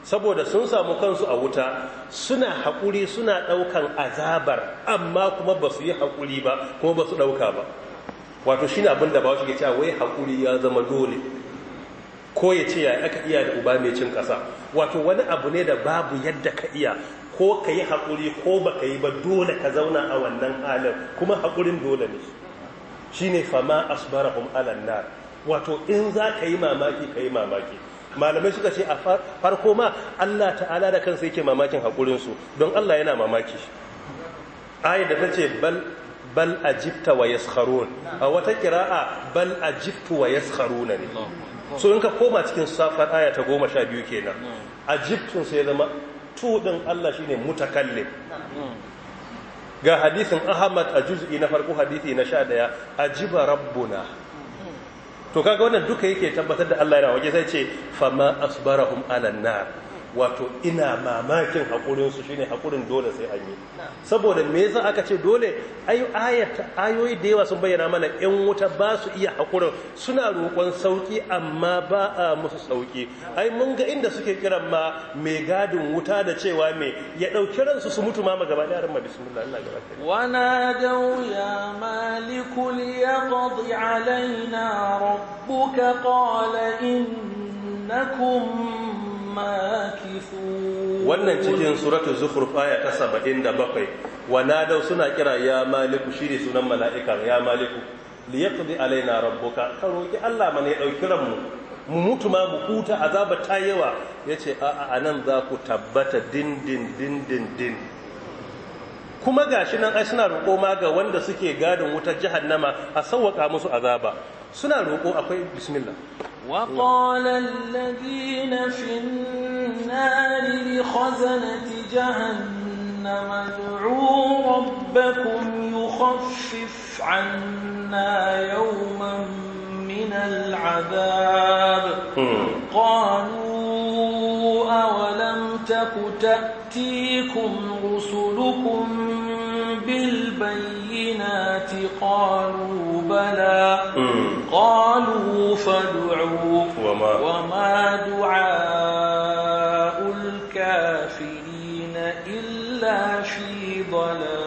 saboda sun samu kansu a wuta suna hakuri suna daukan azabar amma kuma ba su yi hakuri ba kuma ba su dauka ba wato shine abin da bawo su ke cewa wai hakuri ya zama dole ko ya ce ya aka iya da uba mai cin kasa wato wani abu ne da babu yadda ka iya ko ka yi haƙuri ko ba ka yi ba dole ka zauna a wannan halin kuma haƙurin dole ne shi ne fama asbarahum alan na wato in za ka yi mamaki ka yi mamaki malamai suka ce a farko ma Allah ta'ala da kansa yake mamakin haƙurinsu don Allah yana mamaki ayat da ta ce bal bal ajibta wa yaskharun a wata kira'a bal ajibtu wa yaskharuna ne so in ka koma cikin safar aya ta goma sha biyu kenan ajibtun sai zama tu din Allah shine mutakallim ga hadisin Ahmad a juz'i na farko hadisi na sha 11 ajiba rabbuna to kaga wannan duka yake tabbatar da Allah yana waje sai ce fama asbarahum nar wato ina mamakin haƙurinsu shi ne haƙurin dole sai an yi saboda me yasa aka ce dole ayoyi da yawa sun bayyana mana yan wuta ba su iya haƙurin suna roƙon sauƙi amma ba a musu sauƙi ai mun ga inda suke kiran ma mai gadin wuta da cewa me ya ɗauki ransu su mutu ma magaba da ma bismillah Allah gaba ɗaya wana dau ya malikul yaqdi alaina rabbuka qala innakum wannan cikin suratu zukhruf aya ta 77 wanadau suna kira ya maliku ne sunan mala'ika ya maliku liyaqdi alaina rabbuka ka roki Allah mana ya dauki ranmu mu mutu ma mu huta azaba ta yawa yace a anan za ku tabbata dindin dindin din kuma gashi nan ai suna roƙo ma ga wanda suke gadin wutar jahannama a sauwaka musu azaba suna roƙo akwai bismillah وقال الذين في النار لخزنة جهنم ادعوا ربكم يخفف عنا يوما من العذاب قالوا أولم تك تأتيكم رسلكم بالبينات قالوا بلى قالوا فادعوا وما, وما دعاء الكافرين إلا في ضلال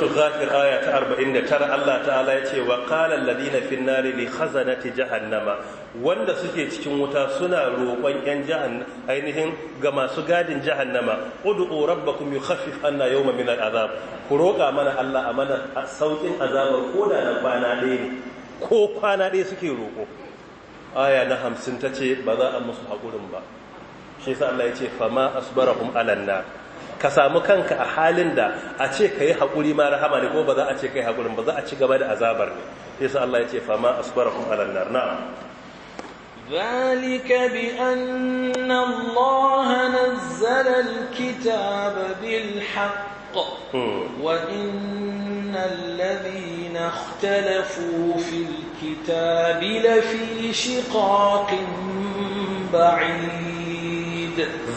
suratul ghafir aya ta 49 Allah ta'ala ya ce wa qala alladhina fin nari li khazanati jahannama wanda suke cikin wuta suna roƙon yan jahannama ainihin ga masu gadin jahannama ud'u rabbakum yukhaffif anna yawma min al'azab ku roƙa mana Allah a mana saukin azabar ko da na kwana ɗaya ne ko kwana ɗaya suke roƙo aya na 50 tace ba za a musu hakurin ba shi sa Allah ya ce fama asbarahum alanna ka samu kanka a halin da a ce ka yi haƙuri ma rahama ne ko ba za a ce ka yi haƙuri ba za a ci gaba da azabar ne sa Allah ya ce fama asbarahum alal nar na'am ذلك بأن الله نزل الكتاب بالحق وإن الذين اختلفوا في الكتاب لفي شقاق بعيد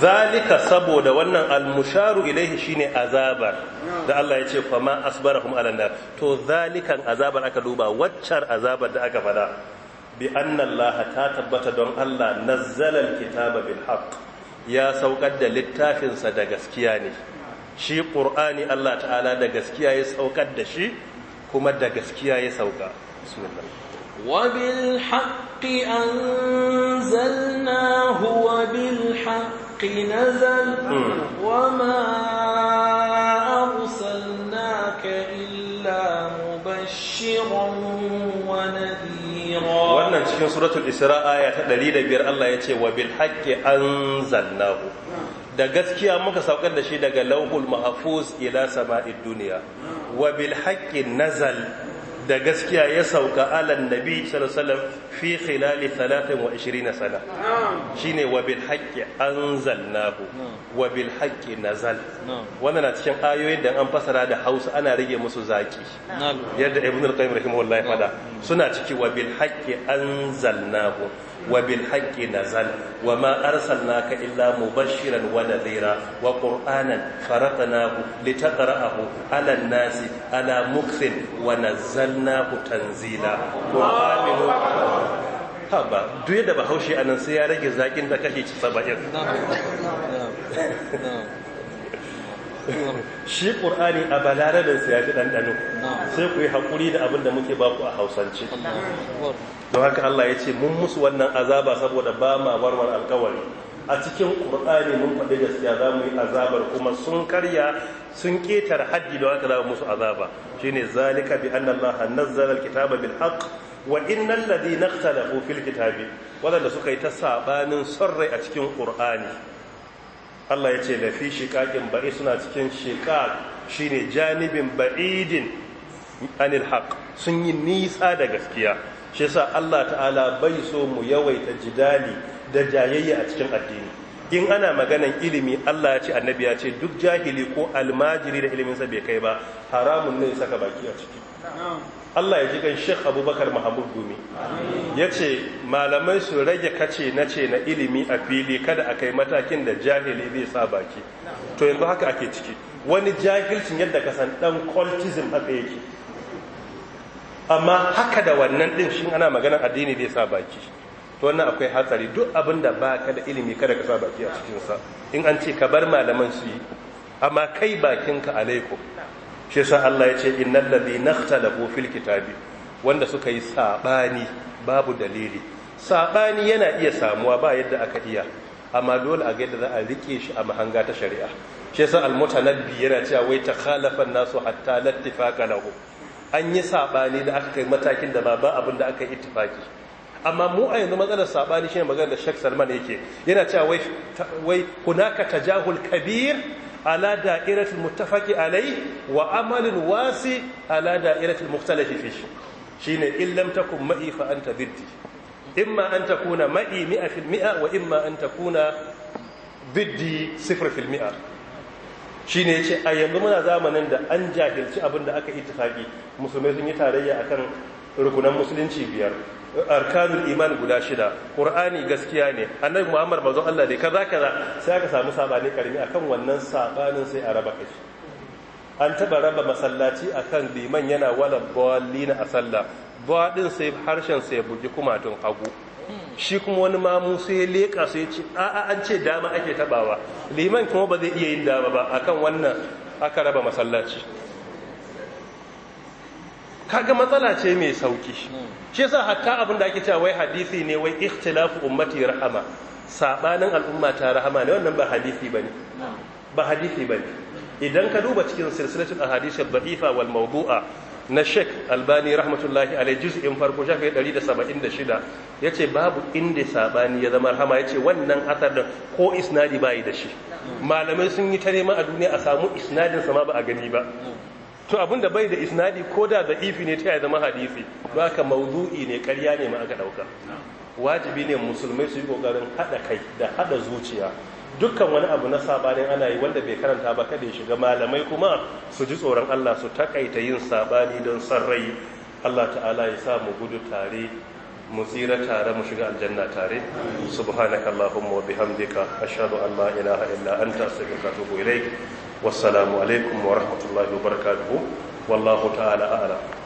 zalika saboda wannan almusharu ilaihi shine azabar da Allah ya ce fama asbarahum alanda, to zalikan azabar aka duba waccar azabar da aka fada bi anna Allah ta tabbata don Allah nazzala alkitaba bil haqq ya saukar da littafin sa da gaskiya ne shi qur'ani Allah ta'ala da gaskiya ya saukar da shi kuma da gaskiya ya sauka bismillah وبالحق أنزلناه وبالحق نزل وما أرسلناك إلا مبشرا ونذيرا wannan cikin suratul isra aya ta 105 Allah ya ce wa bil haqqi anzalnahu da gaskiya muka saukar da shi daga lauhul mahfuz ila sama'id duniya. Hmm. wa bil haqqi nazal da gaskiya ya sauka alan nabi sallallahu fi khilali 23 sana shine wa bil haqqi anzalnahu wa bil haqqi nazal wannan na cikin ayoyin da an fasara da Hausa ana rage musu zaki yadda ibn al-qayyim rahimahullah ya fada suna ciki wa bil haqqi anzalnahu wa bil haqqi nazal wa ma naka illa mubashiran wa nadhira wa qur'anan faratnahu litaqra'ahu 'ala an-nasi 'ala mukthin wa nazzalnahu tanzila qur'anu haba duk da bahaushe anan sai ya rage zakin da kake ci 70 shi ƙur'ani a balarabin sai ya fi ɗanɗano sai ku yi haƙuri da abin da muke baku a hausance don haka Allah ya ce mun musu wannan azaba saboda ba ma warwar alkawari a cikin ƙur'ani mun faɗi gaskiya za mu yi azabar kuma sun karya sun ƙetar haddi don haka za musu azaba shine zalika bi an Allah nazzala kitaba bil haqq wa innan ladina naftala fil kitabi wadanda suka yi ta sabanin sarrai a cikin ƙur'ani Allah ya ce lafi shiƙaƙin ba'i suna cikin shiƙaƙ shi ne janibin ba'idin anil haƙ sun yi nisa da gaskiya shi sa Allah ta'ala bai so mu yawaita jidali da jayayya a cikin addini in ana maganan ilimi Allah ya ce annabi ya ce duk jahili ko almajiri da iliminsa bai kai ba haramun ne saka baki a ciki Allah ya ji gan Sheikh Abubakar Muhammad Gumi yace malamai su rage kace na ce na ilimi a fili kada akai matakin da jahili zai sa baki to yanzu haka ake ciki wani jahilcin yadda ka san dan cultism haka yake amma haka da wannan din shin ana maganar addini zai sa baki to wannan akwai hatsari duk abinda ba ka da ilimi kada ka sa baki a cikin sa in an ce ka bar malaman su yi amma kai bakinka alaikum shi Allah ya ce innal ladhina ikhtalafu fil kitabi wanda suka yi sabani babu dalili sabani yana iya samuwa ba yadda aka iya amma dole a ga yadda za a rike shi a mahanga ta shari'a shi yasa almutanabbi yana cewa wai takhalafa nasu hatta lattifaqa lahu an yi sabani da aka kai matakin da ba ba abin da aka yi ittifaki amma mu a yanzu matsalar sabani shine magana da Sheikh Salman yake yana cewa wai wai hunaka tajahul kabir ala da'iratul muttafaqi alai wa amalin wasi ala da'iratul mukhtalafi fi shine in lam takum ma'i fa anta biddi imma an takuna ma'i mi'a wa imma an takuna biddi sifr shine yace a yanzu muna zamanin da an jahilci abin da aka ittifaki musulmai sun yi tarayya akan rukunan musulunci biyar arkanul iman guda shida qur'ani gaskiya ne annabi muhammad bazo Allah ne kaza kaza sai aka samu sabani karimi akan wannan sabanin sai araba raba kashi an taba raba masallaci akan liman yana wala ballina a sallah badin sai harshen sai bugi kumatun hagu shi kuma wani mamu sai ya leƙa sai ya ce a'a an ce dama ake tabawa liman kuma ba zai iya yin dama ba akan wannan aka raba masallaci kaga matsala ce mai sauki hmm. shi yasa hatta abin da ake cewa wai hadisi ne wai ikhtilafu ummati rahama sabanin al'umma ta rahama ne wannan ba hadisi bane hmm. ba hadisi bane idan ka duba cikin silsilatul ahadith al-dha'ifa wal mawdu'a na shek Albani rahmatullahi alaihi juz'in farko shafi 176 yace babu inda sabani ya zama rahama yace wannan asar da ko isnadi bai da shi hmm. malamai sun yi ta nema a duniya a samu isnadin sa ma ba a gani ba to da bai da isnadi ko da da ne ta ya zama hadisi ba ka maudu'i ne karya ne ma aka ɗauka wajibi ne musulmai su yi ƙoƙarin haɗa kai da haɗa zuciya dukkan wani abu na sabanin ana yi wanda bai karanta ba kada ya shiga malamai kuma su ji tsoron Allah su takaita yin sabani don san rai Allah ta'ala ya sa mu gudu tare mu tsira tare mu shiga aljanna tare subhanakallahumma wa bihamdika ashhadu an la ilaha illa anta astaghfiruka wa atubu ilaik wassalamu alaikum wa rahmatullahi wa barakatuhu wallahu ta'ala ala.